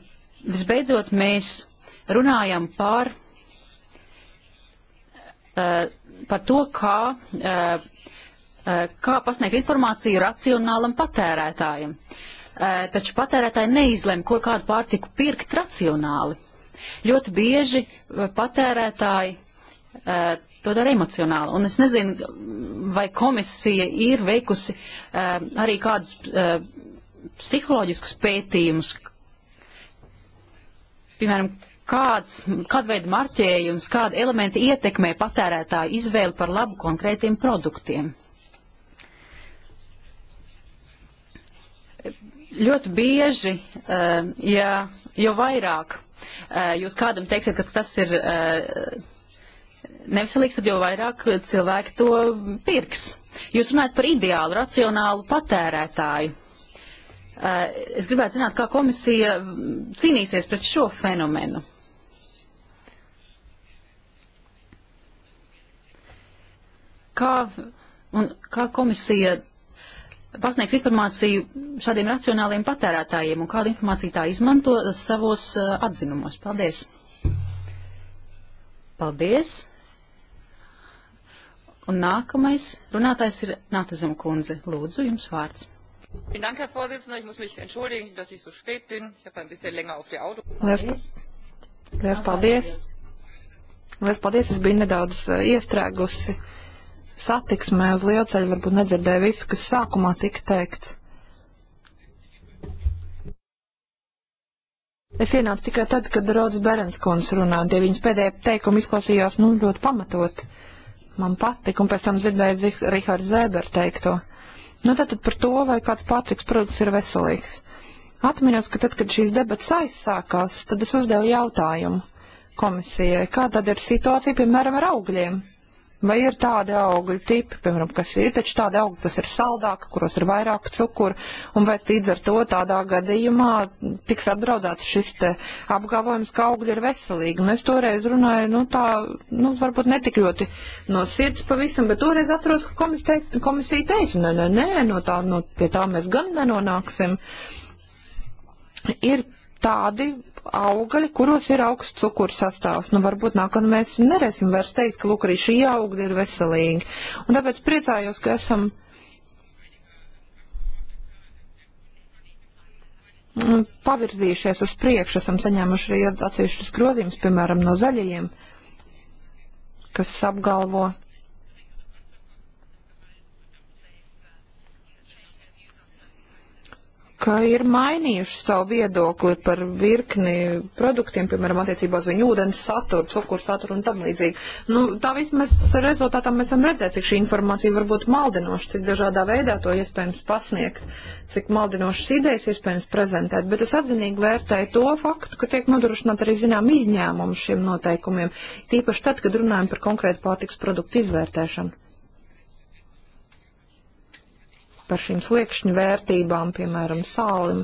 visbeidzot, mēs runājam par, par to, kā, kā pasniegt informāciju racionālam patērētājam. Uh, taču patērētāji neizlem, ko kādu pārtiku pirkt racionāli. Ļoti bieži patērētāji to dara emocionāli. Un es nezinu, vai komisija ir veikusi arī kādus psiholoģiskus pētījumus, piemēram, kāds, kāda veida marķējums, kāda elementi ietekmē patērētāju izvēli par labu konkrētiem produktiem. ļoti bieži, eh, ja jo vairāk eh, jūs kādam teiksiet, ka tas ir eh, neveselīgs, tad jau vairāk cilvēki to pirks. Jūs runājat par ideālu, racionālu patērētāju. Es gribētu zināt, kā komisija mm, cīnīsies pret šo fenomenu. Kā, un, kā komisija pasniegs informāciju šādiem racionāliem patērētājiem un kādu informāciju tā izmanto savos uh, atzinumos. Paldies! Paldies! Un nākamais runātājs ir Nāta Zemkundze. Lūdzu, jums vārds. Dank, Herr Vorsitzender. Ich muss mich entschuldigen, dass ich so spät bin. Ich habe ein bisschen länger auf die Auto. Liels, liels paldies! Liels paldies! Es biju nedaudz eh, iestrēgusi. Uh, satiksmē uz lielceļa varbūt nedzirdēju visu, kas sākumā tika teikts. Es ienācu tikai tad, kad Rods Berenskons runāja, ja viņas pēdējā teikuma izklausījās, nu, ļoti pamatot. Man patika, un pēc tam dzirdēju Rihards Zēber teikto. Nu, tad, tad par to, vai kāds pārtiks produkts ir veselīgs. Atminos, ka tad, kad šīs debats aizsākās, tad es uzdevu jautājumu komisijai, kā tad ir situācija, piemēram, ar augļiem. Vai ir tādi augļu tipi, piemēram, kas ir, taču tādi augļi, kas ir saldāki, kuros ir vairāk cukuru, un vai līdz ar to tādā gadījumā tiks apdraudāts šis te apgalvojums, ka augļi ir veselīgi? Un nu, es toreiz runāju, nu tā, nu varbūt netik ļoti no sirds pavisam, bet toreiz atceros, ka komisija teica, komisija teica nē, nē, nē, no tā, no, pie tā mēs gan nenonāksim. Ir tādi augļi, kuros ir augsts cukuru sastāvs. Nu, varbūt nākamā mēs neresim vairs teikt, ka lūk, arī šī augļi ir veselīgi. Un tāpēc priecājos, ka esam. Nu, pavirzījušies uz priekšu, esam saņēmuši arī atsevišķus grozījumus, piemēram, no zaļajiem, kas apgalvo, ka ir mainījuši savu viedokli par virkni produktiem, piemēram, attiecībā uz viņu ūdens saturu, cukuru saturu un tam līdzīgi. Nu, tā vismaz rezultātā mēs esam redzējuši, cik šī informācija var būt maldinoša, cik dažādā veidā to iespējams pasniegt, cik maldinošas idejas iespējams prezentēt. Bet es atzinīgi vērtēju to faktu, ka tiek nodrošināt arī zinām izņēmumu šiem noteikumiem, tīpaši tad, kad runājam par konkrētu pārtiks produktu izvērtēšanu par šīm sliekšņu vērtībām, piemēram, sālim,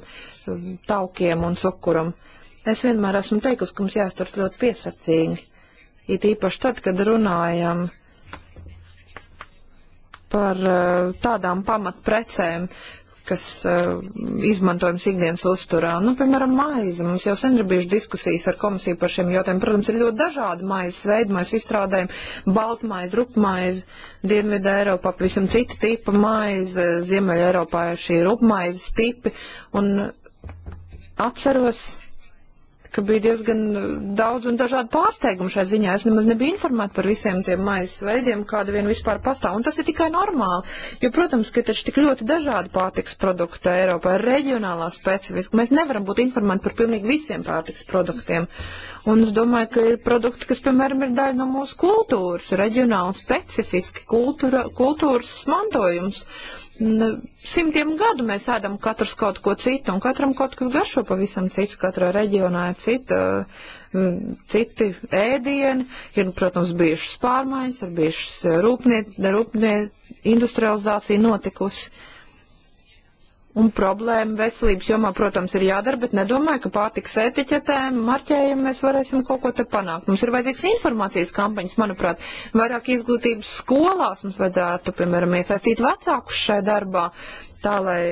taukiem un cukuram. Es vienmēr esmu teikusi, ka mums jāsturs ļoti piesardzīgi, it īpaši tad, kad runājam par eh, tādām pamatprecēm, kas uh, eh, izmantojams ikdienas uzturā. Nu, piemēram, maize. Mums jau sen ir bijušas diskusijas ar komisiju par šiem jautājumiem. Protams, ir ļoti dažādi maizes veidi, maizes izstrādājumi. Baltmaize, rupmaize, Dienvidē Eiropā pavisam cita tipa maize, Ziemeļa Eiropā ir šī rupmaizes tipi. Un atceros ka bija diezgan uh, daudz un dažādi pārsteigumi šai ziņā. Es nemaz nebiju informēta par visiem tiem maisa veidiem, kāda vien vispār pastāv. Un tas ir tikai normāli, jo, protams, ka taču tik ļoti dažādi pārtiks produkti Eiropā ir reģionālā specifiski. Mēs nevaram būt informēti par pilnīgi visiem pārtiks produktiem. Un es domāju, ka ir produkti, kas, piemēram, ir daļa no mūsu kultūras, reģionāli specifiski kultūra, kultūras mantojums simtiem gadu mēs ēdam katrs kaut ko citu, un katram kaut kas garšo pavisam cits, katrā reģionā ir cita, uh, citi ēdieni, ir, protams, bijušas pārmaiņas, ir bijušas uh, rūpnie, rūpnie industrializācija notikusi. Un problēma veselības jomā, protams, ir jādara, bet nedomāju, ka pārtiks etiķetēm, marķējiem mēs varēsim kaut ko te panākt. Mums ir vajadzīgs informācijas kampaņas, manuprāt, vairāk izglītības skolās mums vajadzētu, piemēram, iesaistīt vecākus šai darbā, tā lai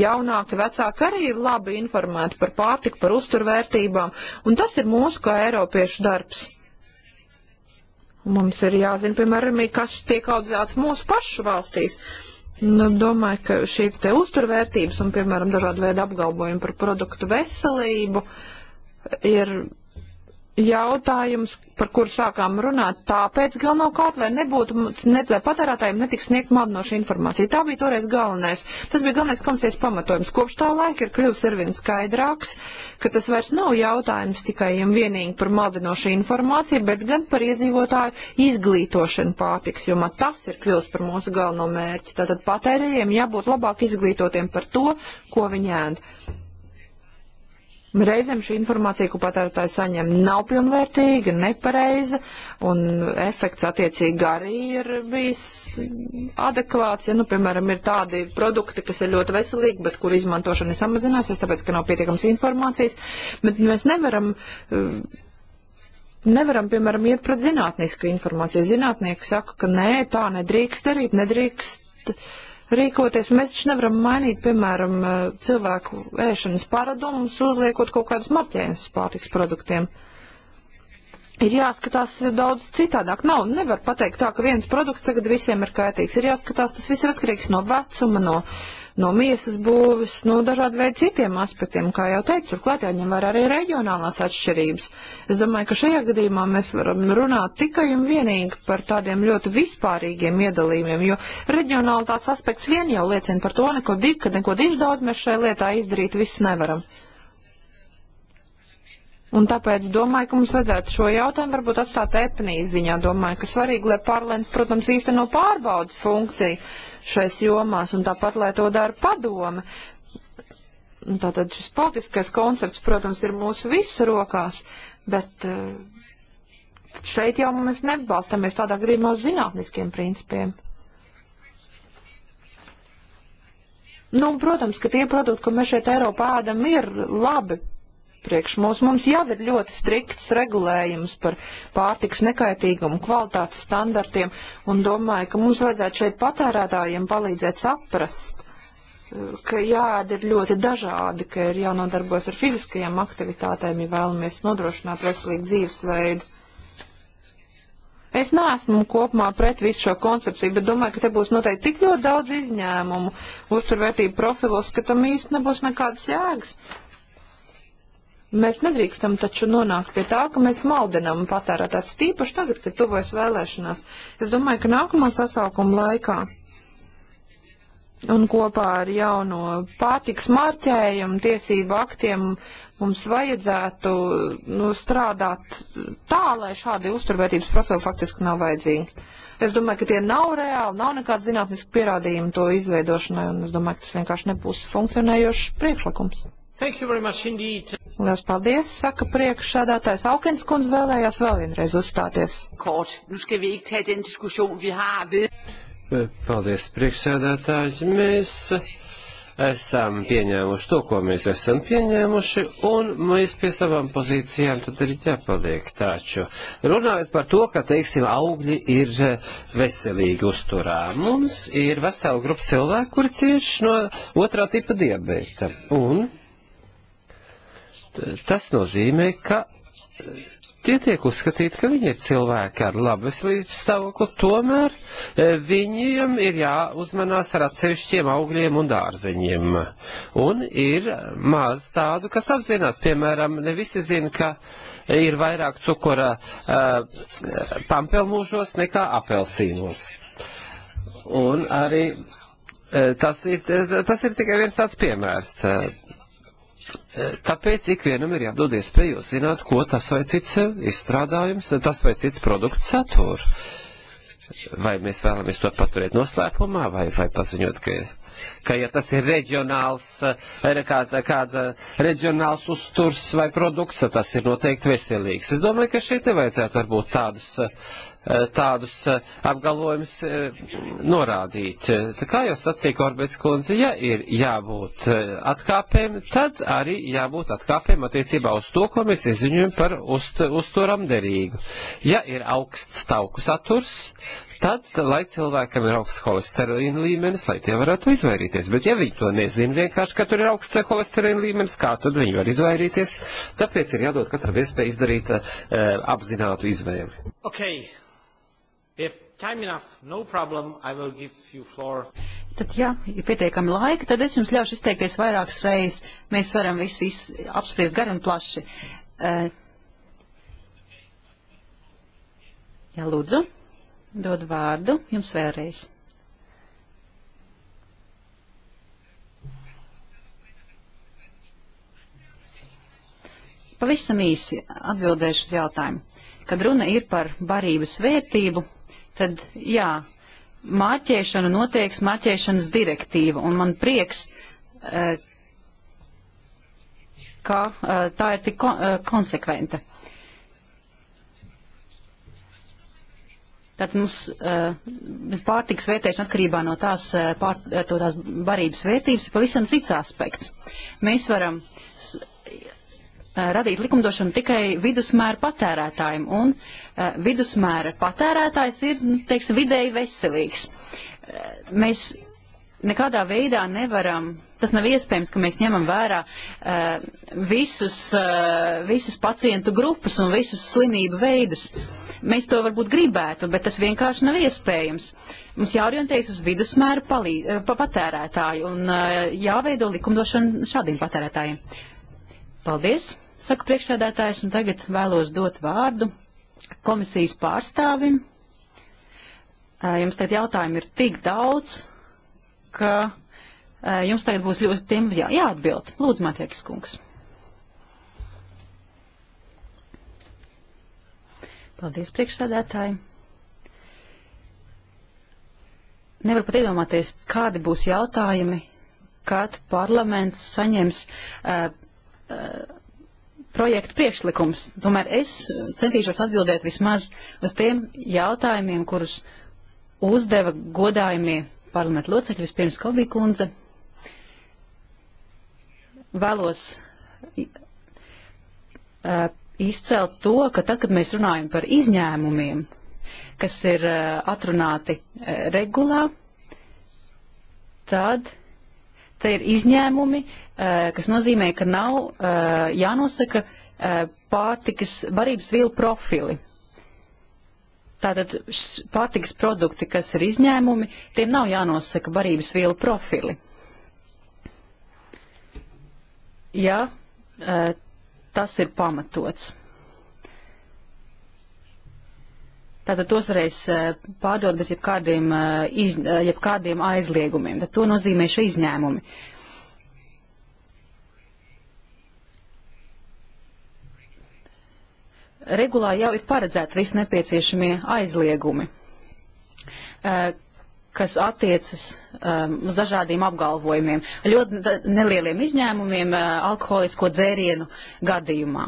jaunāki vecāki arī ir labi informēti par pārtiku, par uzturvērtībām. Un tas ir mūsu kā Eiropiešu darbs. Mums ir jāzina, piemēram, kas tiek audzēts mūsu pašu valstīs. Uh, Nu, domāju, ka šī te uzturvērtības un, piemēram, dažāda veida apgalvojumi par produktu veselību ir jautājums, par kur sākām runāt, tāpēc galvenokārt, lai nebūtu, ne, lai patērētājiem netiks sniegt maldinoša informācija. Tā bija toreiz galvenais. Tas bija galvenais komisijas pamatojums. Kopš tā laika ir kļuvis ar vien skaidrāks, ka tas vairs nav jautājums tikai un vienīgi par maldinošu informāciju, bet gan par iedzīvotāju izglītošanu pārtiks, jo man tas ir kļuvis par mūsu galveno mērķi. Tātad patērējiem jābūt labāk izglītotiem par to, ko viņi ēd. Reizēm šī informācija, ko patērētāji saņem, nav pilnvērtīga, nepareiza, un efekts attiecīgi arī ir bijis adekvāts. Ja, nu, piemēram, ir tādi produkti, kas ir ļoti veselīgi, bet kur izmantošana ir samazinājusies, tāpēc, ka nav pietiekams informācijas, bet mēs nevaram. Eh, nevaram, piemēram, iet pret zinātnisku informāciju. Zinātnieki saka, ka nē, tā nedrīkst darīt, nedrīkst uh, rīkoties. Mēs taču nevaram mainīt, piemēram, eh, cilvēku ēšanas paradumus, uzliekot kaut kādus marķējumus uz pārtiks produktiem. Ir jāskatās daudz citādāk. Nav, nevar pateikt tā, ka viens produkts tagad visiem ir kaitīgs. Ir jāskatās, tas viss ir atkarīgs no vecuma, no no miesas būvis, no dažādu veidu citiem aspektiem, kā jau teicu, turklāt jāņem vērā arī reģionālās atšķirības. Es domāju, ka šajā gadījumā mēs varam runāt tikai un vienīgi par tādiem ļoti vispārīgiem iedalījumiem, jo reģionāli tāds aspekts vien jau liecina par to, neko divi, ka neko divi daudz mēs šajā lietā izdarīt viss nevaram. Un tāpēc domāju, ka mums vajadzētu šo jautājumu varbūt atstāt epnī ziņā. Domāju, ka svarīgi, lai parlaments, protams, īsteno pārbaudas funkciju šais jomās, un tāpat, lai to dara padome. Tātad šis politiskais koncepts, protams, ir mūsu visu rokās, bet eh, šeit jau mēs nebalstamies tādā gadījumā uz zinātniskiem principiem. Nu, protams, ka tie produkti, ko mēs šeit Eiropā ēdam, ir labi priekš mums. Mums jau ir ļoti strikts regulējums par pārtiks nekaitīgumu, kvalitātes standartiem, un domāju, ka mums vajadzētu šeit patērētājiem palīdzēt saprast, eh, ka jāēd ir ļoti dažādi, ka ir jānodarbojas ar fiziskajām aktivitātēm, ja vēlamies nodrošināt veselīgu dzīvesveidu. Es neesmu kopumā pret visu šo koncepciju, bet domāju, ka te būs noteikti tik ļoti daudz izņēmumu uzturvērtību profilos, ka tam īsti nebūs nekādas jēgas. Mēs nedrīkstam taču nonākt pie tā, ka mēs maldinām patērētājs, tīpaši tagad, kad tuvojas vēlēšanās. Es domāju, ka nākamā sasaukuma laikā un kopā ar jauno pārtiks marķējumu tiesību aktiem mums vajadzētu nu, strādāt tā, lai šādi uzturvērtības profili faktiski nav vajadzīgi. Es domāju, ka tie nav reāli, nav nekāda zinātniska pierādījuma to izveidošanai, un es domāju, ka tas vienkārši nebūs funkcionējošs priekšlikums. Lielas paldies, saka priekšsādātājs Aukens kundz vēlējās vēl vienreiz uzstāties. Kort, nu skal vi ikke tage den diskussion, vi har ved. Eh, paldies, priekšsēdētāji. Mēs esam pieņēmuši to, ko mēs esam pieņēmuši, un mēs pie savām pozīcijām tad arī jāpaliek. Taču runājot par to, ka, teiksim, augļi ir eh, veselīgi uzturā, mums ir vesela grupa cilvēku, kuri cieš no otrā tipa diabēta. Un tas nozīmē, ka eh, tie tiek uzskatīti, ka viņi ir cilvēki ar labu veselības stāvokli, tomēr eh, viņiem ir jāuzmanās ar atsevišķiem augļiem un dārzeņiem. Un ir maz tādu, kas apzinās, piemēram, ne visi zina, ka ir vairāk cukura uh, pampelmūžos nekā apelsīnos. Un arī uh, tas ir, tas ir tikai viens tāds piemērs. Uh, Eh, tāpēc ikvienam ir jādod iespēju zināt, ko tas vai cits eh, izstrādājums, eh, tas vai cits produkts satur. Vai mēs vēlamies to paturēt noslēpumā, vai, vai paziņot, ka, ka ja tas ir reģionāls, kāda, kāda reģionāls uzturs vai produkts, tad tas ir noteikti veselīgs. Es domāju, ka šeit nevajadzētu varbūt tādus uh, Eh, tādus eh, apgalvojumus eh, norādīt. Tā kā jau sacīja Korbets kundze, ja ir jābūt atkāpēm, tad arī jābūt atkāpēm attiecībā uz to, ko mēs izziņojam par uzt, uzturam derīgu. Ja ir augsts tauku saturs, tad, lai cilvēkam ir augsts holesterīna līmenis, lai tie varētu izvairīties. Bet, ja viņi to nezina vienkārši, ka tur ir augsts holesterīna līmenis, kā tad viņi var izvairīties? Tāpēc ir jādod katram iespēja izdarīt uh, apzinātu izvēli. Okay. If time enough, no problem, I will give you floor. Tad, ja ir pietiekami laika, tad es jums ļaušu izteikties vairākas reizes. Mēs varam visu iz, apspriest gar un plaši. Uh, jā, lūdzu, dod vārdu jums vēlreiz. Pavisam īsi atbildēšu uz jautājumu. Kad runa ir par barības vērtību, tad jā, mārķēšana notiek smārķēšanas direktīva, un man prieks, eh, ka eh, tā ir tik eh, konsekventa. Tātad mums uh, pārtiks vērtēšana atkarībā no tās, pār, to tās barības vērtības ir pavisam cits aspekts. Mēs varam Eh, radīt likumdošanu tikai vidusmēra patērētājiem, un uh, vidusmēra patērētājs ir, nu, teiksim, vidēji veselīgs. Uh, mēs nekādā veidā nevaram, tas nav iespējams, ka mēs ņemam vērā uh, visus, uh, visas pacientu grupas un visus slimību veidus. Mēs to varbūt gribētu, bet tas vienkārši nav iespējams. Mums jāorientējas uz vidusmēru palī, pa patērētāju un uh, jāveido likumdošana šādiem patērētājiem. Paldies! saka priekšsēdētājs, un tagad vēlos dot vārdu komisijas pārstāvim. Jums tagad jautājumi ir tik daudz, ka jums tagad būs ļoti tiem jā, jāatbild. Lūdzu, Matiekis kungs. Paldies, priekšsēdētāji. Nevar pat iedomāties, kādi būs jautājumi, kad parlaments saņems uh, uh, projektu priekšlikums. Tomēr es centīšos atbildēt vismaz uz tiem jautājumiem, kurus uzdeva godājumie parlamentu locekļi, vispirms Kovī kundze. Vēlos uh, izcelt to, ka tad, kad mēs runājam par izņēmumiem, kas ir uh, atrunāti uh, regulā, tad uh, Te ir izņēmumi, eh, kas nozīmē, ka nav eh, jānosaka eh, pārtikas barības vielu profili. Tātad pārtikas produkti, kas ir izņēmumi, tiem nav jānosaka barības vielu profili. Ja tas ir pamatots. Tātad tos varēs eh, pārdot bez jebkādiem, eh, iz, eh, jebkādiem aizliegumiem. Tad to nozīmē šie izņēmumi. Regulā jau ir paredzēti visi nepieciešamie aizliegumi kas attiecas um, uz dažādiem apgalvojumiem, ļoti nelieliem izņēmumiem uh, alkoholisko dzērienu gadījumā.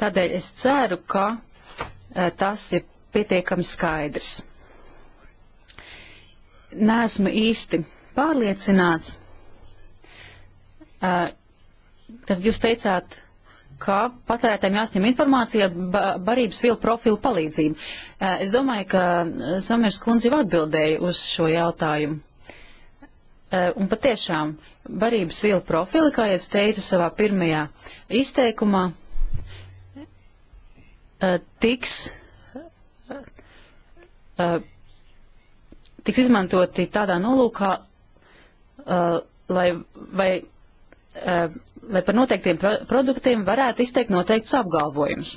Tādēļ es ceru, ka e, tas ir pietiekami skaidrs. Nesmu īsti pārliecināts. E, tad jūs teicāt, ka patērētājiem jāsņem informācija ar barības vielu profilu palīdzību. E, es domāju, ka Samers kundze jau atbildēja uz šo jautājumu. Un patiešām barības vielu profili, kā jau es teicu savā pirmajā izteikumā, Uh, tiks, uh, uh, tiks izmantoti tādā nolūkā, lai, vai, lai par noteiktiem pro produktiem varētu izteikt noteikts apgalvojums.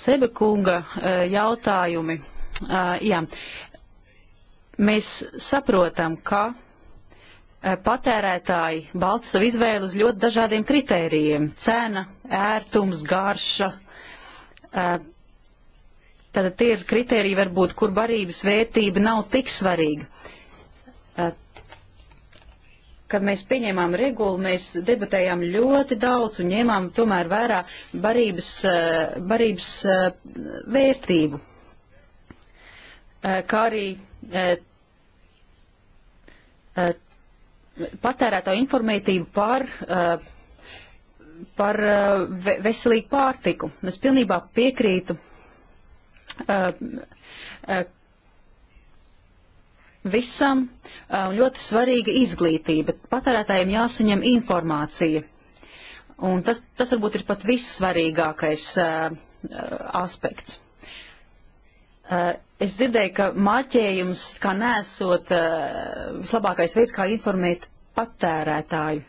Sebekunga jautājumi. Jā, mēs saprotam, ka Eh, patērētāji balsta savu izvēli uz ļoti dažādiem kritērijiem - cena, ērtums, garša. Tātad eh, tie ir kritēriji, varbūt, kur barības vērtība nav tik svarīga. Eh, kad mēs pieņēmām regulu, mēs debatējām ļoti daudz un ņēmām tomēr vērā barības, barības vērtību. Kā arī patērētāju informētību par, eh, par eh, veselīgu pārtiku. Es pilnībā piekrītu eh, visam ļoti svarīga izglītība. Patērētājiem jāsaņem informācija. Un tas, tas varbūt ir pat vissvarīgākais uh, aspekts. Uh, Es dzirdēju, ka marķējums kā nesot eh, vislabākais veids, kā informēt patērētāju.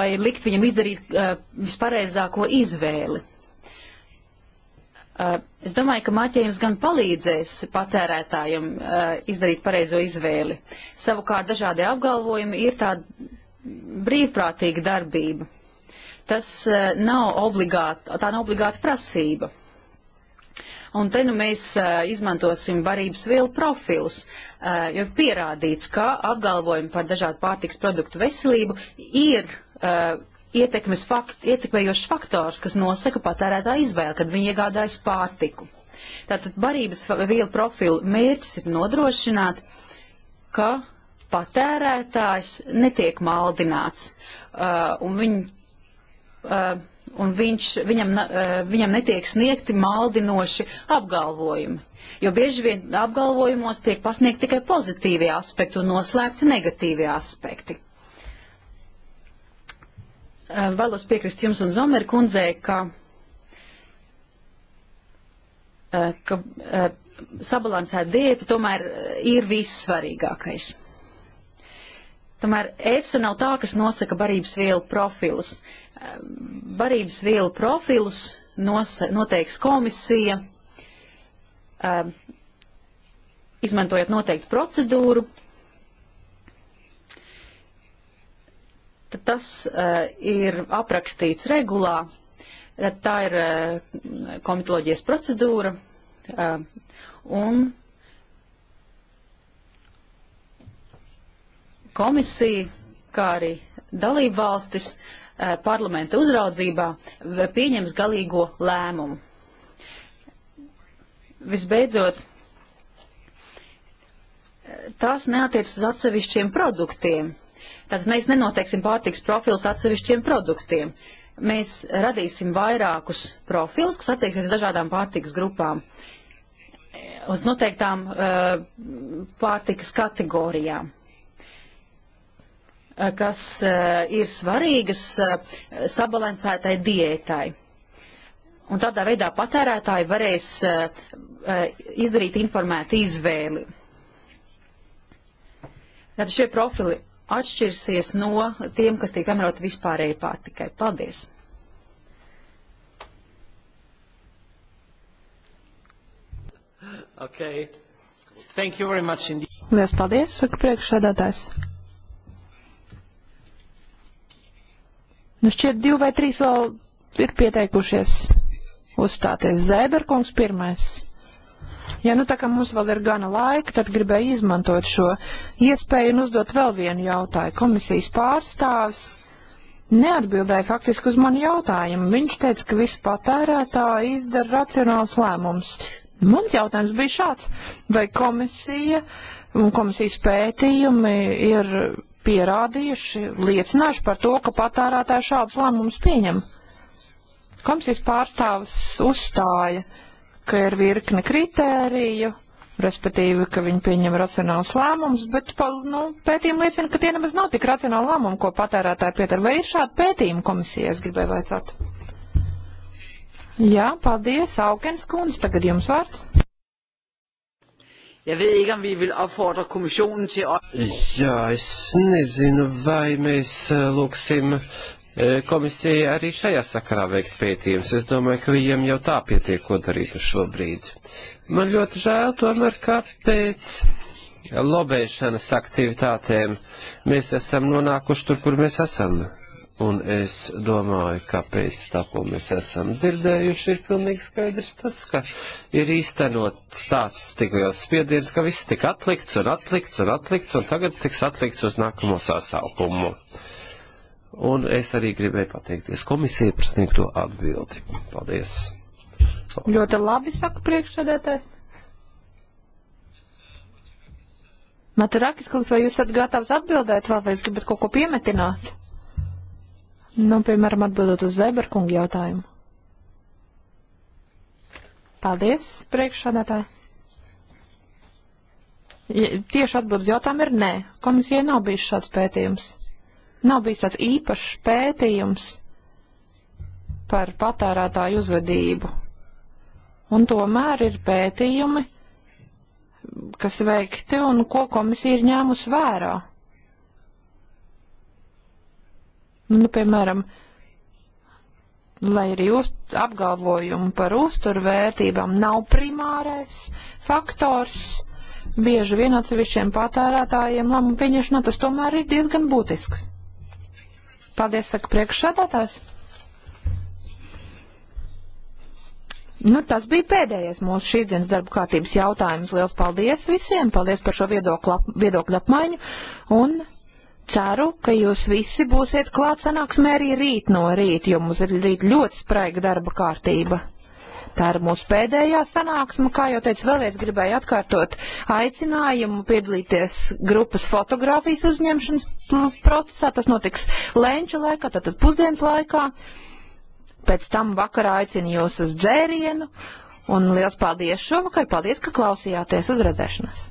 Vai likt viņam izdarīt eh, vispareizāko izvēli. Eh, es domāju, ka māķējums gan palīdzēs patērētājiem izdarīt pareizo izvēli. Savukārt dažādi apgalvojumi ir tāda brīvprātīga darbība. Tas nav obligāti, tā nav obligāta prasība. Un te nu mēs eh, izmantosim varības vielu profilus, eh, jo pierādīts, ka apgalvojumi par dažādu pārtiks produktu veselību ir eh, ietekmes fakt, ietekmējošs faktors, kas nosaka patērētā izvēle, kad viņi iegādājas pārtiku. Tātad barības vielu profilu mērķis ir nodrošināt, ka patērētājs netiek maldināts, uh, un viņi uh, un viņš, viņam, eh, viņam netiek sniegti maldinoši apgalvojumi. Jo bieži vien apgalvojumos tiek pasniegt tikai pozitīvie aspekti un noslēpti negatīvie aspekti. Eh, vēlos piekrist jums un Zomer kundzē, ka, eh, ka sabalansēta diēta tomēr ir vissvarīgākais. Tomēr EFSA nav tā, kas nosaka barības vielu profilus. Uh, barības vielu profilus nos, noteiks komisija, um, izmantojot noteiktu procedūru. Tad tas uh, ir aprakstīts regulā. Tad tā ir uh, komitoloģijas procedūra. Uh, un komisija, kā arī dalību valstis, uh, Eh, parlamenta uzraudzībā pieņems galīgo lēmumu. Visbeidzot, eh, tās neatiecas uz atsevišķiem produktiem. Tātad mēs nenoteiksim pārtiks profils atsevišķiem produktiem. Mēs radīsim vairākus profils, kas attieksies dažādām pārtiks grupām, eh, uz noteiktām uh, pārtikas kategorijām. Eh, kas eh, ir svarīgas eh, sabalansētai diētai. Un tādā veidā patērētāji varēs izdarīt informētu izvēli. Tad šie profili atšķirsies no tiem, kas tiek piemēroti vispārēji pārtikai. Paldies! Okay. Thank you very much indeed. Lielas paldies, saka priekšsēdētājs. Nu šķiet divi vai trīs vēl ir pieteikušies uzstāties. Zēberkungs pirmais. Ja nu tā kā mums vēl ir gana laika, tad gribēju izmantot šo iespēju un uzdot vēl vienu jautājumu. Komisijas pārstāvis neatbildēja faktiski uz manu jautājumu. Viņš teica, ka visi patērētāji izdara racionāls lēmums. Mans jautājums bija šāds, vai komisija un komisijas pētījumi ir pierādījuši, liecinājuši par to, ka patērētāji šādus lēmumus pieņem. Komisijas pārstāvis uzstāja, ka ir virkne kritēriju, respektīvi, ka viņi pieņem racionālus lēmumus, bet nu, pētījumi liecina, ka tie nemaz nav tik racionāli lēmumi, ko patērētāji pietur. Vai ir šādi pētījumi komisijai, es gribēju vaicāt? Jā, paldies, Aukens kundze, tagad jums vārds. Jeg ved ikke, om vi vil opfordre kommissionen til at... Jā, es nezinu, vai mēs eh, lūksim eh, komisiju arī šajā sakarā veikt pētījumus. Es domāju, ka viņiem jau tā pietiek, ko darītu šobrīd. Man ļoti žēl tomēr, ka pēc lobēšanas aktivitātēm mēs esam nonākuši tur, kur mēs esam. Un es domāju, ka pēc tā, ko mēs esam dzirdējuši, ir pilnīgi skaidrs tas, ka ir īstenot tāds tik liels spiediens, ka viss tika atlikts un atlikts un atlikts, un tagad tiks atlikts uz nākamo sasaukumu. Un es arī gribēju pateikties komisijai par sniegto atbildi. Paldies! Ļoti labi saka priekšsēdētājs. Maturakis kungs, vai jūs esat gatavs atbildēt vēl, vai jūs gribat kaut ko piemetināt? Nu, piemēram, atbildot uz Zeberkungu jautājumu. Paldies, priekšsādātāji. Ja, tieši atbildot jautājumu ir nē. Komisijai nav bijis šāds pētījums. Nav bijis tāds īpašs pētījums par patērētāju uzvedību. Un tomēr ir pētījumi, kas veikti un ko komisija ir ņēmusi vērā. Nu, nu, piemēram, lai arī uz, apgalvojumi par uzturvērtībām nav primārais faktors, bieži vien atsevišķiem patērētājiem lēmumu pieņemšanā tas tomēr ir diezgan būtisks. Paldies, saka priekšsādātājs. Nu, tas bija pēdējais mūsu šīs dienas darba kārtības jautājums. Liels paldies visiem, paldies par šo viedokļu, ap, viedokļu apmaiņu un ceru, ka jūs visi būsiet klāt sanāksmē arī rīt no rīta, jo mums ir rīt ļoti spraiga darba kārtība. Tā ir mūsu pēdējā sanāksme, kā jau teicu, vēlreiz gribēju atkārtot aicinājumu piedalīties grupas fotografijas uzņemšanas procesā. Tas notiks lēnča laikā, tātad pusdienas laikā. Pēc tam vakarā aicinu jūs uz dzērienu. Un liels paldies šovakar, paldies, ka klausījāties uz redzēšanos!